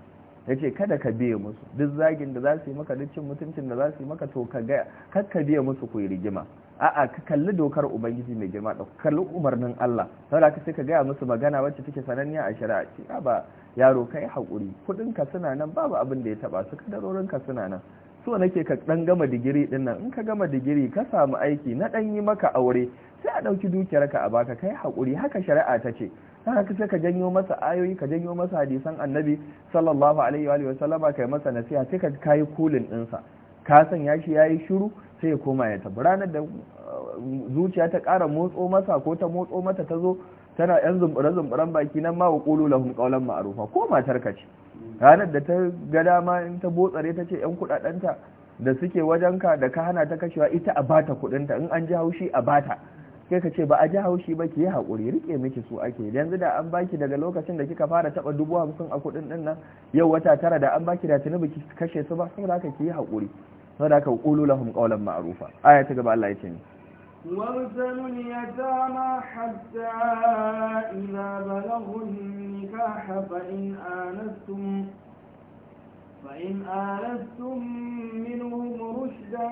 yace kada ka biya musu duk zagin da za su yi maka duk cin mutuncin da za su yi maka to ka gaya kar ka biye musu ku yi rigima a'a ka kalli dokar ubangiji mai girma da kalli umarnin Allah saboda ka sai ka gaya musu magana wacce take sananniya a shari'a ce a ba yaro kai hakuri kudin ka suna nan babu abin da ya taba su kadarorin ka suna nan so nake ka dan gama digiri din nan in ka gama digiri ka samu aiki na dan yi maka aure sai a dauki dukiyarka a baka kai hakuri haka shari'a ta ce haka sai ka janyo masa ayoyi ka janyo masa hadisan annabi sallallahu alaihi wa sallama kai masa nasiha sai ka kai kulin ɗinsa ka sanya shi ya shiru sai ya koma ya tabbara ranar da uh, zuciya ta ƙara motso masa ko ta motso mata ta zo tana yan zumbure zumburan baki nan ma wa ƙulu lahum qawlan ma'arufa ko matar ka ce ranar da ta ga dama in ta botsare ta ce yan kuɗaɗenta da suke wajenka da ka hana ta kashewa ita a bata kuɗinta in an ji haushi a bata sai ka ce ba a ji haushi ba ki yi haƙuri riƙe miki su ake yanzu da an baki daga lokacin da kika fara taɓa dubu hamsin a kuɗin ɗin nan yau wata tara da an baki da tuni baki kashe su ba saboda haka ki yi haƙuri saboda haka ƙulu lahum qawlan ma'rufa aya ta gaba Allah ya ce ni وارسلوا اليتامى حتى إذا بلغوا النكاح فإن آنستم فإن آنستم منهم رشدا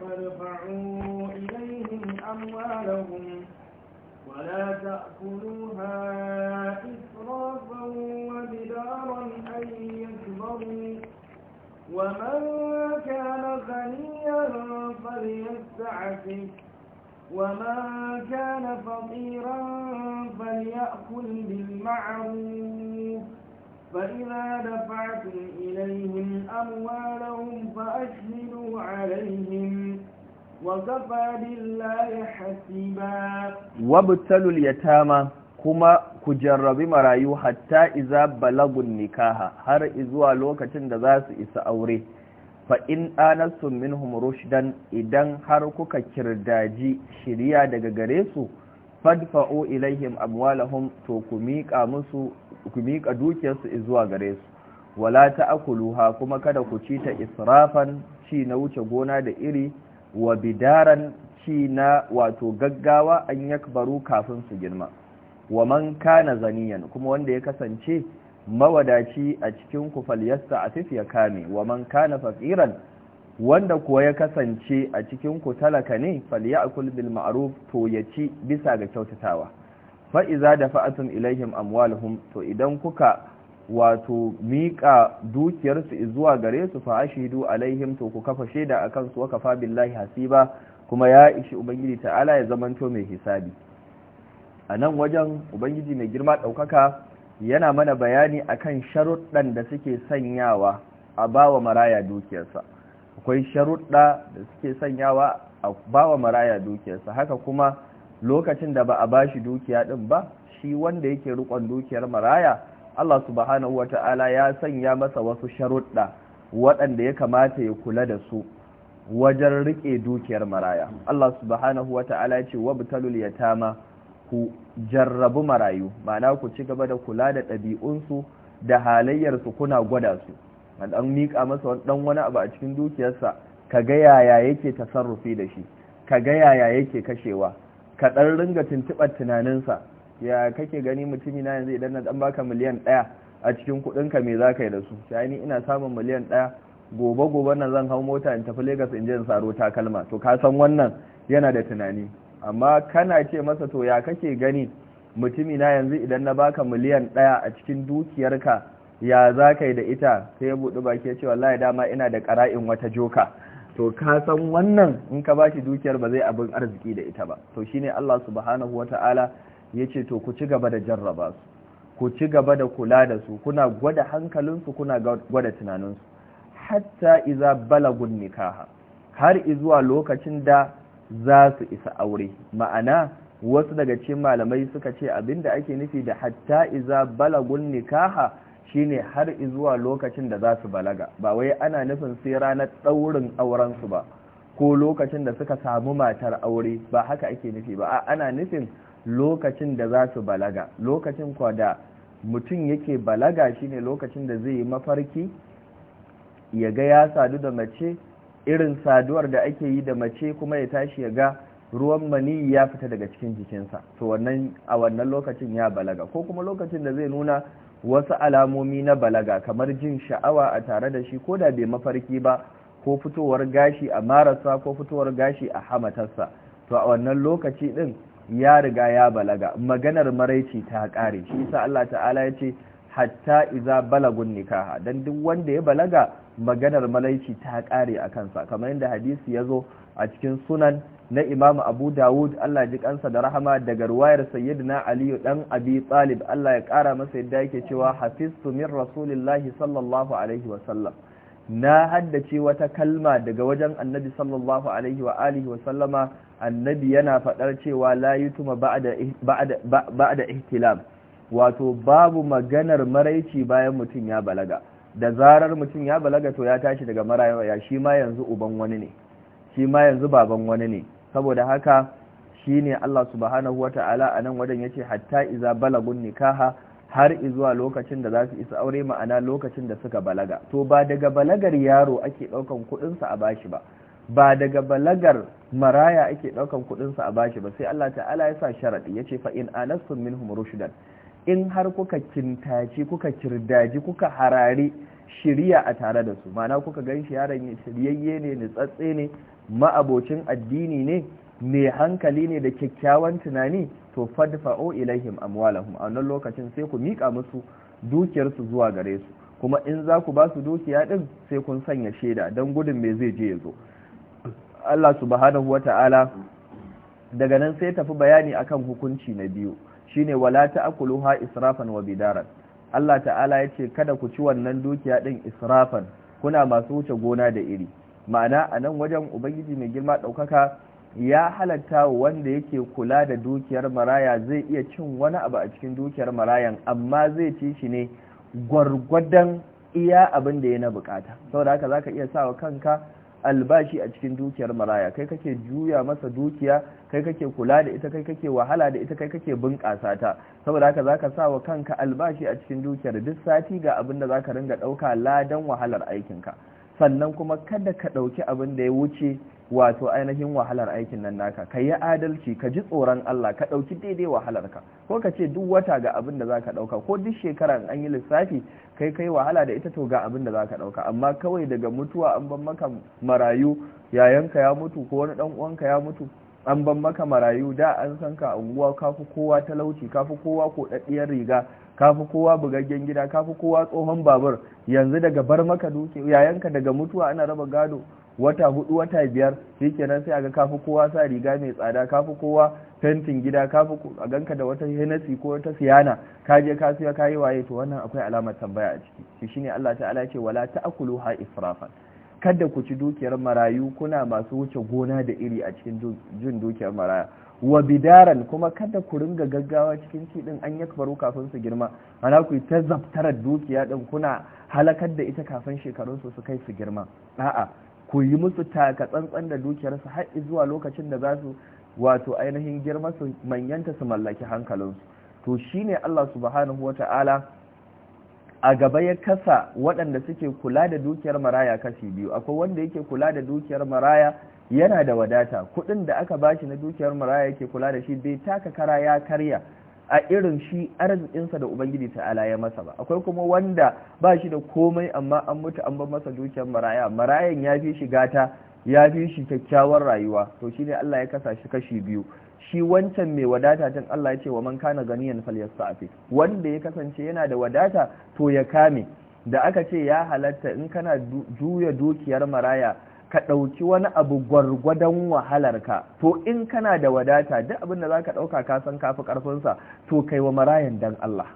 فارفعوا إليهم أموالهم ولا تأكلوها إسرافا وبدارا أن يكبروا ومن كان غنيا فليستعفف ومن كان فقيرا فليأكل بالمعروف فإذا دفعتم إليهم أموالهم فأشهدوا عليهم وكفى بالله حسيبا وابتلوا اليتامى kuma ku jarrabi marayu hatta iza balagun nikaha har izuwa lokacin da za su isa aure fa in anastum minhum rushdan idan har kuka kirdaji shirya daga gare su fadfa'u ilaihim amwalahum to ku miƙa musu ku miƙa dukiyarsu zuwa gare su wala ta'kuluha kuma kada ku ci ta israfan ci na wuce gona da iri wa bidaran ci na wato gaggawa an yakbaru kafin su girma wa man kana zaniyan kuma wanda ya kasance mawadaci a cikin ku falyasta atif ya kame wa man kana faqiran wanda kuwa ya kasance a cikin ku talaka ne akul bil ma'ruf to ya ci bisa ga kyautatawa fa iza dafa'atum ilaihim amwaluhum to idan kuka wato miƙa dukiyarsu zuwa gare su fa ashidu alaihim to ku kafa shaida akan su kafa billahi hasiba kuma ya ishi ubangiji ta'ala ya zamanto mai hisabi anan wajen ubangiji mai girma daukaka yana mana bayani akan sharuɗan da suke sanyawa a bawa maraya dukiyarsa akwai sharuɗa da suke sanyawa a bawa maraya dukiyarsa haka kuma lokacin da ba a ba shi dukiya ɗin ba shi wanda yake rikon dukiyar maraya Allah subhanahu ta'ala ya sanya masa wasu sharuɗa waɗanda ya kamata ya kula da su wajen riƙe dukiyar maraya Allah subhanahu ta'ala ya ce wa wabtalul yatama ku jarrabu marayu ma'ana ku ci gaba da kula da ɗabi'unsu da halayyarsu kuna gwada su a ɗan miƙa masa ɗan wani abu a cikin dukiyarsa ka ga yaya yake tasarrufi da shi ka ga yaya yake kashewa ka ɗan ringa tuntuɓar tunaninsa ya kake gani mutumi na yanzu idan na ɗan baka miliyan ɗaya a cikin kuɗinka me za ka yi da su sai ni ina samun miliyan ɗaya gobe gobe nan zan hau mota in tafi Lagos in je in saro takalma to ka san wannan yana da tunani amma kana ce masa to ya kake gani mutumina yanzu idan na baka miliyan ɗaya a cikin dukiyarka ya za ka yi da ita sai ya buɗu baki ya ce wallahi dama ina da ƙara'in wata joka to ka san wannan in ka ba shi dukiyar ba zai abin arziki da ita ba to shine Allah subhanahu Ta'ala ya ce to ku ci gaba da jarraba su ku ci gaba da kula da su kuna gwada hankalinsu kuna gwada tunaninsu hatta iza balagun nikaha har izuwa lokacin da za su isa aure ma'ana wasu daga cikin malamai suka ce abinda ake nufi da hatta iza balagun nikaha shine har zuwa lokacin da za su balaga ba wai ana nufin sai ranar ɗaurin aurensu ba ko lokacin da suka samu matar aure ba haka ake nufi ba ana nufin lokacin da za su balaga lokacin kwa da mutum yake balaga shine lokacin da zai yi mafarki ya ga ya sadu da mace irin saduwar da ake yi da mace kuma ya tashi ya ga ruwan mani ya fita daga cikin jikinsa to wannan a wannan lokacin ya balaga ko kuma lokacin da zai nuna wasu alamomi na balaga kamar jin sha'awa a tare da shi ko da bai mafarki ba ko fitowar gashi a marasa ko fitowar gashi a hamatarsa to a wannan lokaci din ya riga ya balaga maganar maraici ta kare shi sa Allah ta'ala ya ce hatta iza balagun nikaha dan duk wanda ya balaga maganar maraici ta kare a kansa kamar yadda hadisi ya zo a cikin sunan na imam abu dawud Allah ji kansa da rahama daga ruwayar sayyidina aliyu dan abi talib Allah ya kara masa yadda yake cewa hafiztu min rasulillahi sallallahu alaihi wa sallam na haddace wata kalma daga wajen annabi sallallahu alaihi wa alihi wa sallama annabi yana fadar cewa la yutuma ba'da ba'da ba'da ihtilam wato babu maganar maraici bayan mutun ya balaga da zarar mutun ya balaga to ya tashi daga maraya shi ma yanzu uban wani ne shi ma yanzu baban wani ne saboda haka shi ne Allah subhanahu a anan wajen yace hatta iza balagun nikaha har izuwa lokacin da za su isa aure ma'ana lokacin da suka balaga to ba daga balagar yaro ake ɗaukan kuɗinsa a bashi ba ba daga balagar maraya ake ɗaukan kudinsa a bashi ba sai Allah ta'ala ya sa sharaɗi. yace fa in min minhum shidan, in har kuka kintaci kuka kirdaji kuka harari shirya a tare da su ma'ana kuka gan shi yaron shiryayye ne nitsatse ne ma'abocin addini ne mai hankali ne da kyakkyawan tunani to fadfa'o ilaihim amwalahum a wannan lokacin sai ku mika musu dukiyarsu zuwa gare su kuma in za ku ba su dukiya din sai kun sanya shaida dan gudun me zai je yazo Allah subhanahu wata'ala daga nan sai tafi bayani akan hukunci na biyu shine wala ta'kuluha israfan wa bidaran Allah ta'ala ya ce kada ku ci wannan dukiya ɗin israfan kuna masu wuce gona da iri ma'ana a nan wajen ubangiji mai girma ɗaukaka ya halatta wanda yake kula da dukiyar maraya zai iya cin wani abu a cikin dukiyar marayan amma zai ci shi ne gwargwadon iya abin da ya na bukata saboda haka zaka iya sawa kanka albashi a cikin dukiyar maraya kai kake juya masa dukiya kai kake kula da ita kai kake wahala da ita kai kake bunƙasa ta saboda haka zaka sa wa kanka albashi a cikin dukiyar duk sati ga abin da zaka ringa ɗauka ladan wahalar aikinka sannan kuma kada ka ɗauki abin da ya wuce wato ainihin wahalar aikin nan naka ka yi adalci ka ji tsoron Allah ka ɗauki daidai wahalar ka ko ka ce duk wata ga abin da za ka ɗauka ko duk shekara an yi lissafi kai kai wahala da ita to ga abin da zaka ka ɗauka amma kawai daga mutuwa an ban maka marayu yayanka ya mutu ko wani ɗan uwanka ya mutu an ban maka marayu da an san ka unguwa kafi kowa talauci kafi kowa ko koɗaɗɗiyar riga kafi kowa bugaggen gida kafi kowa tsohon babur yanzu daga bar maka duke yayanka daga mutuwa ana raba gado wata hudu wata biyar shikenan sai aga kafi kowa sa riga mai tsada kafi kowa fentin gida kafi a ganka da wata henasi ko wata siyana ka je ka siya kayi waye to wannan akwai alamar tambaya a ciki shi shine Allah ta'ala ce wala ha israfan kada ku ci dukiyar marayu kuna masu wuce gona da iri a cikin jin dukiyar maraya wa bidaran kuma kada ku ringa gaggawa cikin ci din an yakbaru kafin su girma ana ku ta zabtarar dukiya din kuna halakar da ita kafin shekarun su su kai su girma a'a ku yi musu taka tsantsan da dukiyar su har zuwa lokacin da za su wato ainihin girma su manyanta su mallaki hankalin su to shine Allah subhanahu wata'ala a gaba ya kasa waɗanda suke kula da dukiyar maraya kashi biyu akwai wanda yake kula da dukiyar maraya yana da wadata kuɗin da aka bashi na dukiyar maraya yake kula da shi bai taka kara ya karya a irin shi arzikinsa da ubangiji ta'ala ya masa ba akwai kuma wanda ba shi da komai amma an mutu an bar masa dukiyar maraya marayan ya fi shi gata ya fi shi kyakkyawar rayuwa to shi ne Allah ya kasa shi kashi biyu shi wancan mai wadata tun Allah ya ce wa man kana ganiyan falyastafi wanda ya kasance yana da wadata to ya kame da aka ce ya halatta in kana juya dukiyar maraya ka ɗauki wani abu gwargwadon wahalarka to in kana da wadata duk abin da za ka ɗauka ka san kafi ƙarfinsa to kai wa marayan dan Allah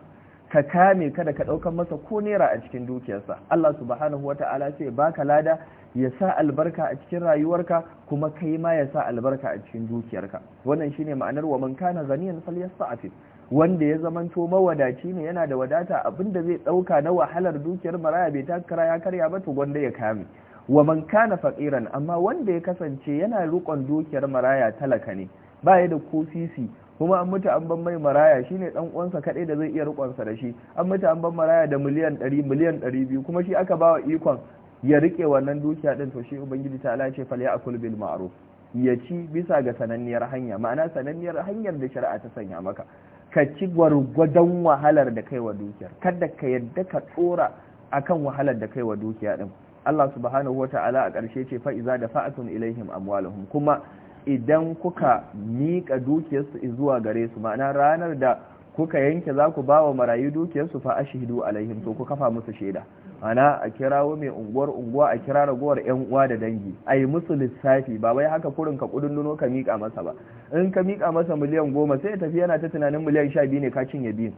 ka kame kada ka ɗaukan masa ko naira a cikin dukiyarsa Allah subhanahu wata'ala ce baka lada ya sa albarka a cikin rayuwarka kuma kai ma ya sa albarka a cikin dukiyarka wannan shine ma'anar wa man kana zaniyan falyasta'fif wanda ya zamanto mawadaci ne yana da wadata abinda zai ɗauka na wahalar dukiyar maraya bai takara ya karya ba to gwanda ya kame wa man kana faqiran amma wanda ya kasance yana rukon dukiyar maraya talaka ne ba ya da ko sisi kuma an mutu an ban mai maraya shine dan uwansa kadai da zai iya rukon sa da shi an mutu an ban maraya da miliyan 100 miliyan 200 kuma shi aka bawa ikon ya rike wannan dukiya din to shi ubangiji ta Allah ce fal ya'kul bil ma'ruf ya ci bisa ga sananniyar hanya ma'ana sananniyar hanyar da shari'a ta sanya maka ka ci gwargwadon wahalar da kai wa dukiyar kada ka yadda ka tsora akan wahalar da kai wa dukiya din Allah subhanahu wata'ala a ƙarshe ce fa iza da fa'atun ilaihim amwaluhum kuma idan kuka miƙa dukiyarsu zuwa gare su ma'ana ranar da kuka yanke za ku ba wa marayu dukiyarsu fa ashhidu alaihim to ku kafa musu shaida ana a kirawo mai unguwar unguwa a kira ragowar yan uwa da dangi a yi musu lissafi ba wai haka kurin ka kudin nuno ka miƙa masa ba in ka miƙa masa miliyan goma sai ya tafi yana ta tunanin miliyan sha biyu ne ka cinye biyu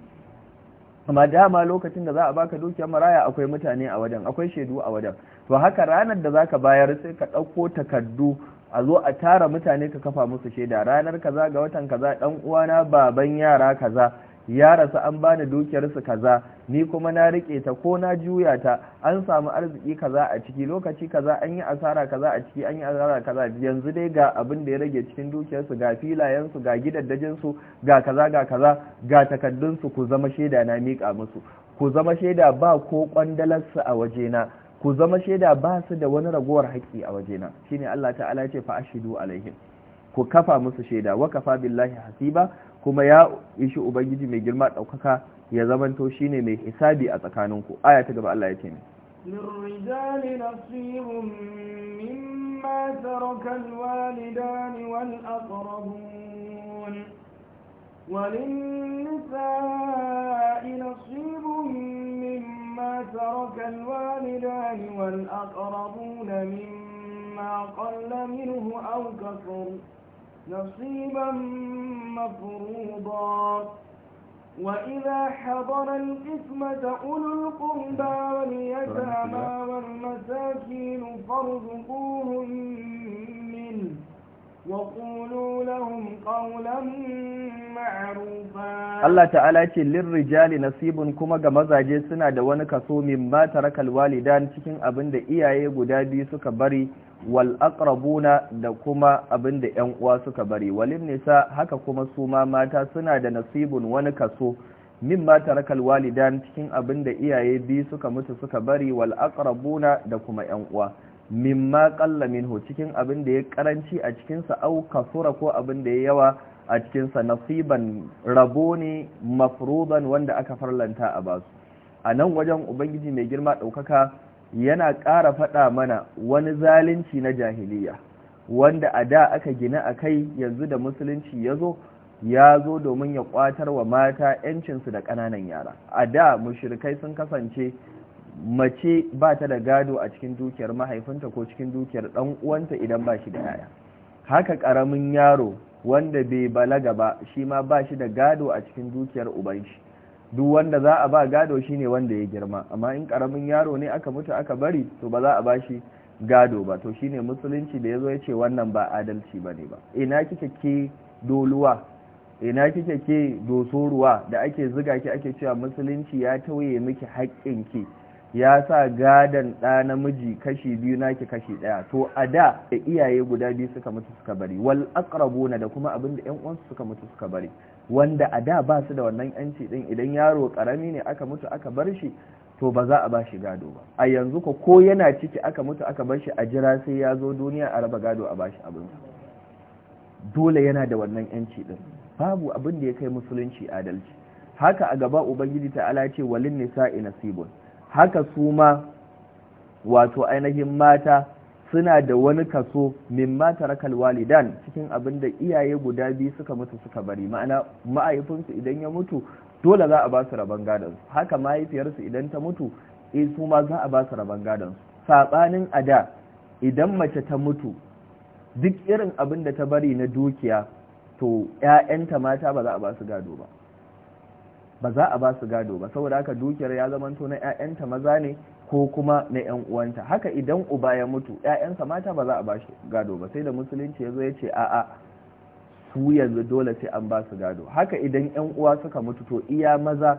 amma dama lokacin da za a baka dukiyar maraya akwai mutane a wajen akwai shaidu a wajen to haka ranar da zaka bayar sai ka ɗauko takardu a zo a tara mutane ka kafa musu shaida ranar kaza ga watan kaza dan uwana baban yara kaza ya rasu an bani dukiyarsu kaza ni kuma na rike ta ko na juya ta an samu arziki kaza a ciki lokaci kaza an yi asara kaza a ciki an yi asara kaza yanzu dai ga abin da ya rage cikin dukiyarsu ga filayensu ga gidaddajinsu ga kaza ga kaza ga takaddunsu ku zama shaida na miƙa musu ku zama shaida ba ko kwandalarsu a wajena ku zama shaida ba su da wani ragowar haƙƙi a wajena shine Allah ta'ala ya ce fa ashidu alaihim ku kafa musu shaida wa kafa billahi hasiba kuma ya ishi ubangiji mai girma ɗaukaka ya zamanto shine mai hisabi a tsakaninku aya ta gaba Allah ya ce ne مما ترك وللنساء نصيب مما ترك الوالدان والأقربون مما قل منه أو كثر نصيبا مفروضا وإذا حضر ismata أولو القربى واليتامى والمساكين فارزقوهم منه وقولوا لهم قولا معروفا الله تعالى ce lirrijali nasibun kuma ga mazaje suna da wani kaso mimma tarakal walidan cikin abin da iyaye guda biyu suka bari wal aqrabuna da kuma abinda yan uwa suka bari walin nisa haka kuma su ma mata suna da nasibin wani kaso min ma tarakal walidan cikin abinda iyaye biyu suka mutu suka bari wal aqrabuna da kuma yan uwa ma qalla minhu cikin abinda ya karanci a cikinsa sa au kasura ko abinda ya yawa a cikinsa nasiban rabo ne mafruban wanda aka farlanta a basu a nan wajen ubangiji mai girma ɗaukaka yana ƙara faɗa mana wani zalunci na jahiliya wanda a da aka gina a kai yanzu da musulunci ya zo ya zo domin ya ƙwatar wa mata 'yancinsu da ƙananan yara a da mashirkai sun kasance mace ba ta da gado a cikin dukiyar mahaifinta ko cikin dukiyar ɗan uwanta idan ba shi da yaya haka ƙaramin yaro wanda bai balaga ba shi ma ba shi da gado a cikin dukiyar ubanshi duk wanda za a ba gado shine wanda ya girma amma in karamin yaro ne aka mutu aka bari to ba za a ba shi gado ba to shine musulunci da ya zo ya ce wannan ba adalci ne ba ina kike ke doluwa ina kike ke dosoruwa da ake ziga ki ake cewa musulunci ya tauye miki ki? ya sa gadon ɗa namiji kashi biyu naki kashi ɗaya to a da da iyaye guda biyu suka mutu suka bari wal aqrabuna da kuma abinda ƴan suka mutu suka bari wanda a da ba su da wannan yanci din idan yaro karami ne aka mutu aka bar shi to ba za a ba shi gado ba a yanzu ko ko yana ciki aka mutu aka bar shi a jira sai ya zo duniya a raba gado a ba shi abin dole yana da wannan yanci din babu abin da ya kai musulunci adalci haka a gaba ubangiji ta Ala ce walin nisa'i nasibun haka su ma wato ainihin mata suna da wani kaso mimma tarakal walidan cikin abin da iyaye guda biyu suka mutu suka bari ma'ana ma'aifinsu idan ya mutu dole za a ba su rabon gadon haka mahaifiyarsu idan ta mutu e su ma za a ba su rabon gadon a da idan mace ta mutu duk irin abin da ta bari na dukiya to ƴaƴanta mata ba za a ba su gado ba ba za a ba su gado ba saboda haka dukiyar ya zamanto na ƴaƴanta maza ne ko kuma na yan uwanta haka idan uba ya mutu ƴaƴansa mata ba za a shi gado ba sai da musulunci yazo ya ce a'a su yanzu dole sai an ba su gado haka idan yan uwa suka mutu to iya maza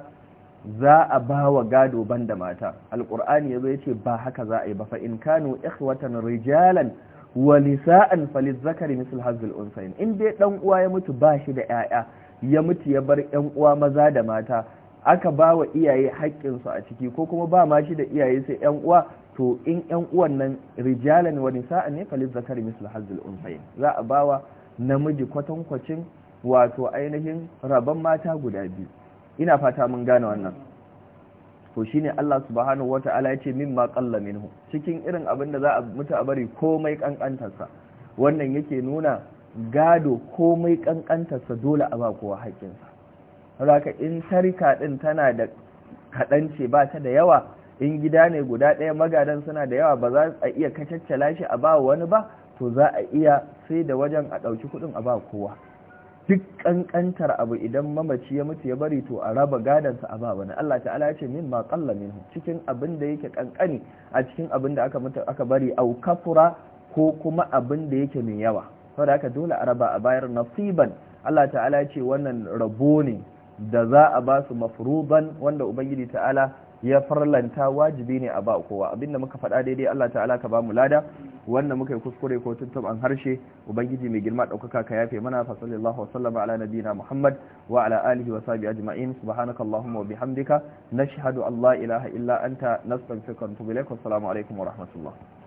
za a ba wa gado banda mata alqur'ani yazo ya ce ba haka za a yi ba fa in kanu ikhwatan rijalan wa nisa'an falizakari misal hazil unsayn in dai dan uwa ya mutu ba shi da ƴaƴa ya mutu ya bar 'yan uwa maza da mata aka ba wa iyaye haƙƙinsu a ciki ko kuma ba ma shi da iyaye sai ‘yan uwa to in ‘yan uwan nan rijalan wa nisa'an ne falif zakari misal hazil za a bawa namiji kwatankwacin wato ainihin rabon mata guda biyu ina fata mun gane wannan to shine Allah subhanahu wata'ala yace mimma qalla minhu cikin irin abin da za a mutu a bari komai kankantarsa wannan yake nuna gado komai ƙanƙantarsa dole a ba kowa haƙƙinsa haka in tarika din tana da kadance ba ta da yawa in gida ne guda ɗaya magadan suna da yawa ba za a iya kacaccala shi a ba wani ba to za a iya sai da wajen a ɗauki kuɗin a ba kowa duk ƙanƙantar abu idan mamaci ya mutu ya bari to a raba gadansa a ba wani Allah ta'ala ya ce min ma qalla minhu cikin abin da yake ƙanƙani a cikin abin da aka mutu aka bari au kafura ko kuma abin da yake mai yawa saboda haka dole a raba a bayar nasiban Allah ta'ala ya ce wannan rabo ne da za a ba su mafruban wanda ubangiji ta'ala ya farlanta wajibi ne a ba kowa abinda muka faɗa daidai Allah ta'ala ka bamu lada wanda muka yi kuskure ko an harshe ubangiji mai girma ɗaukaka ka yafe mana fa sallallahu ala nabiyina muhammad wa ala alihi wa sahbihi ajma'in subhanaka allahumma wa bihamdika nashhadu an la ilaha illa anta nastaghfiruka wa natubu assalamu alaikum wa rahmatullah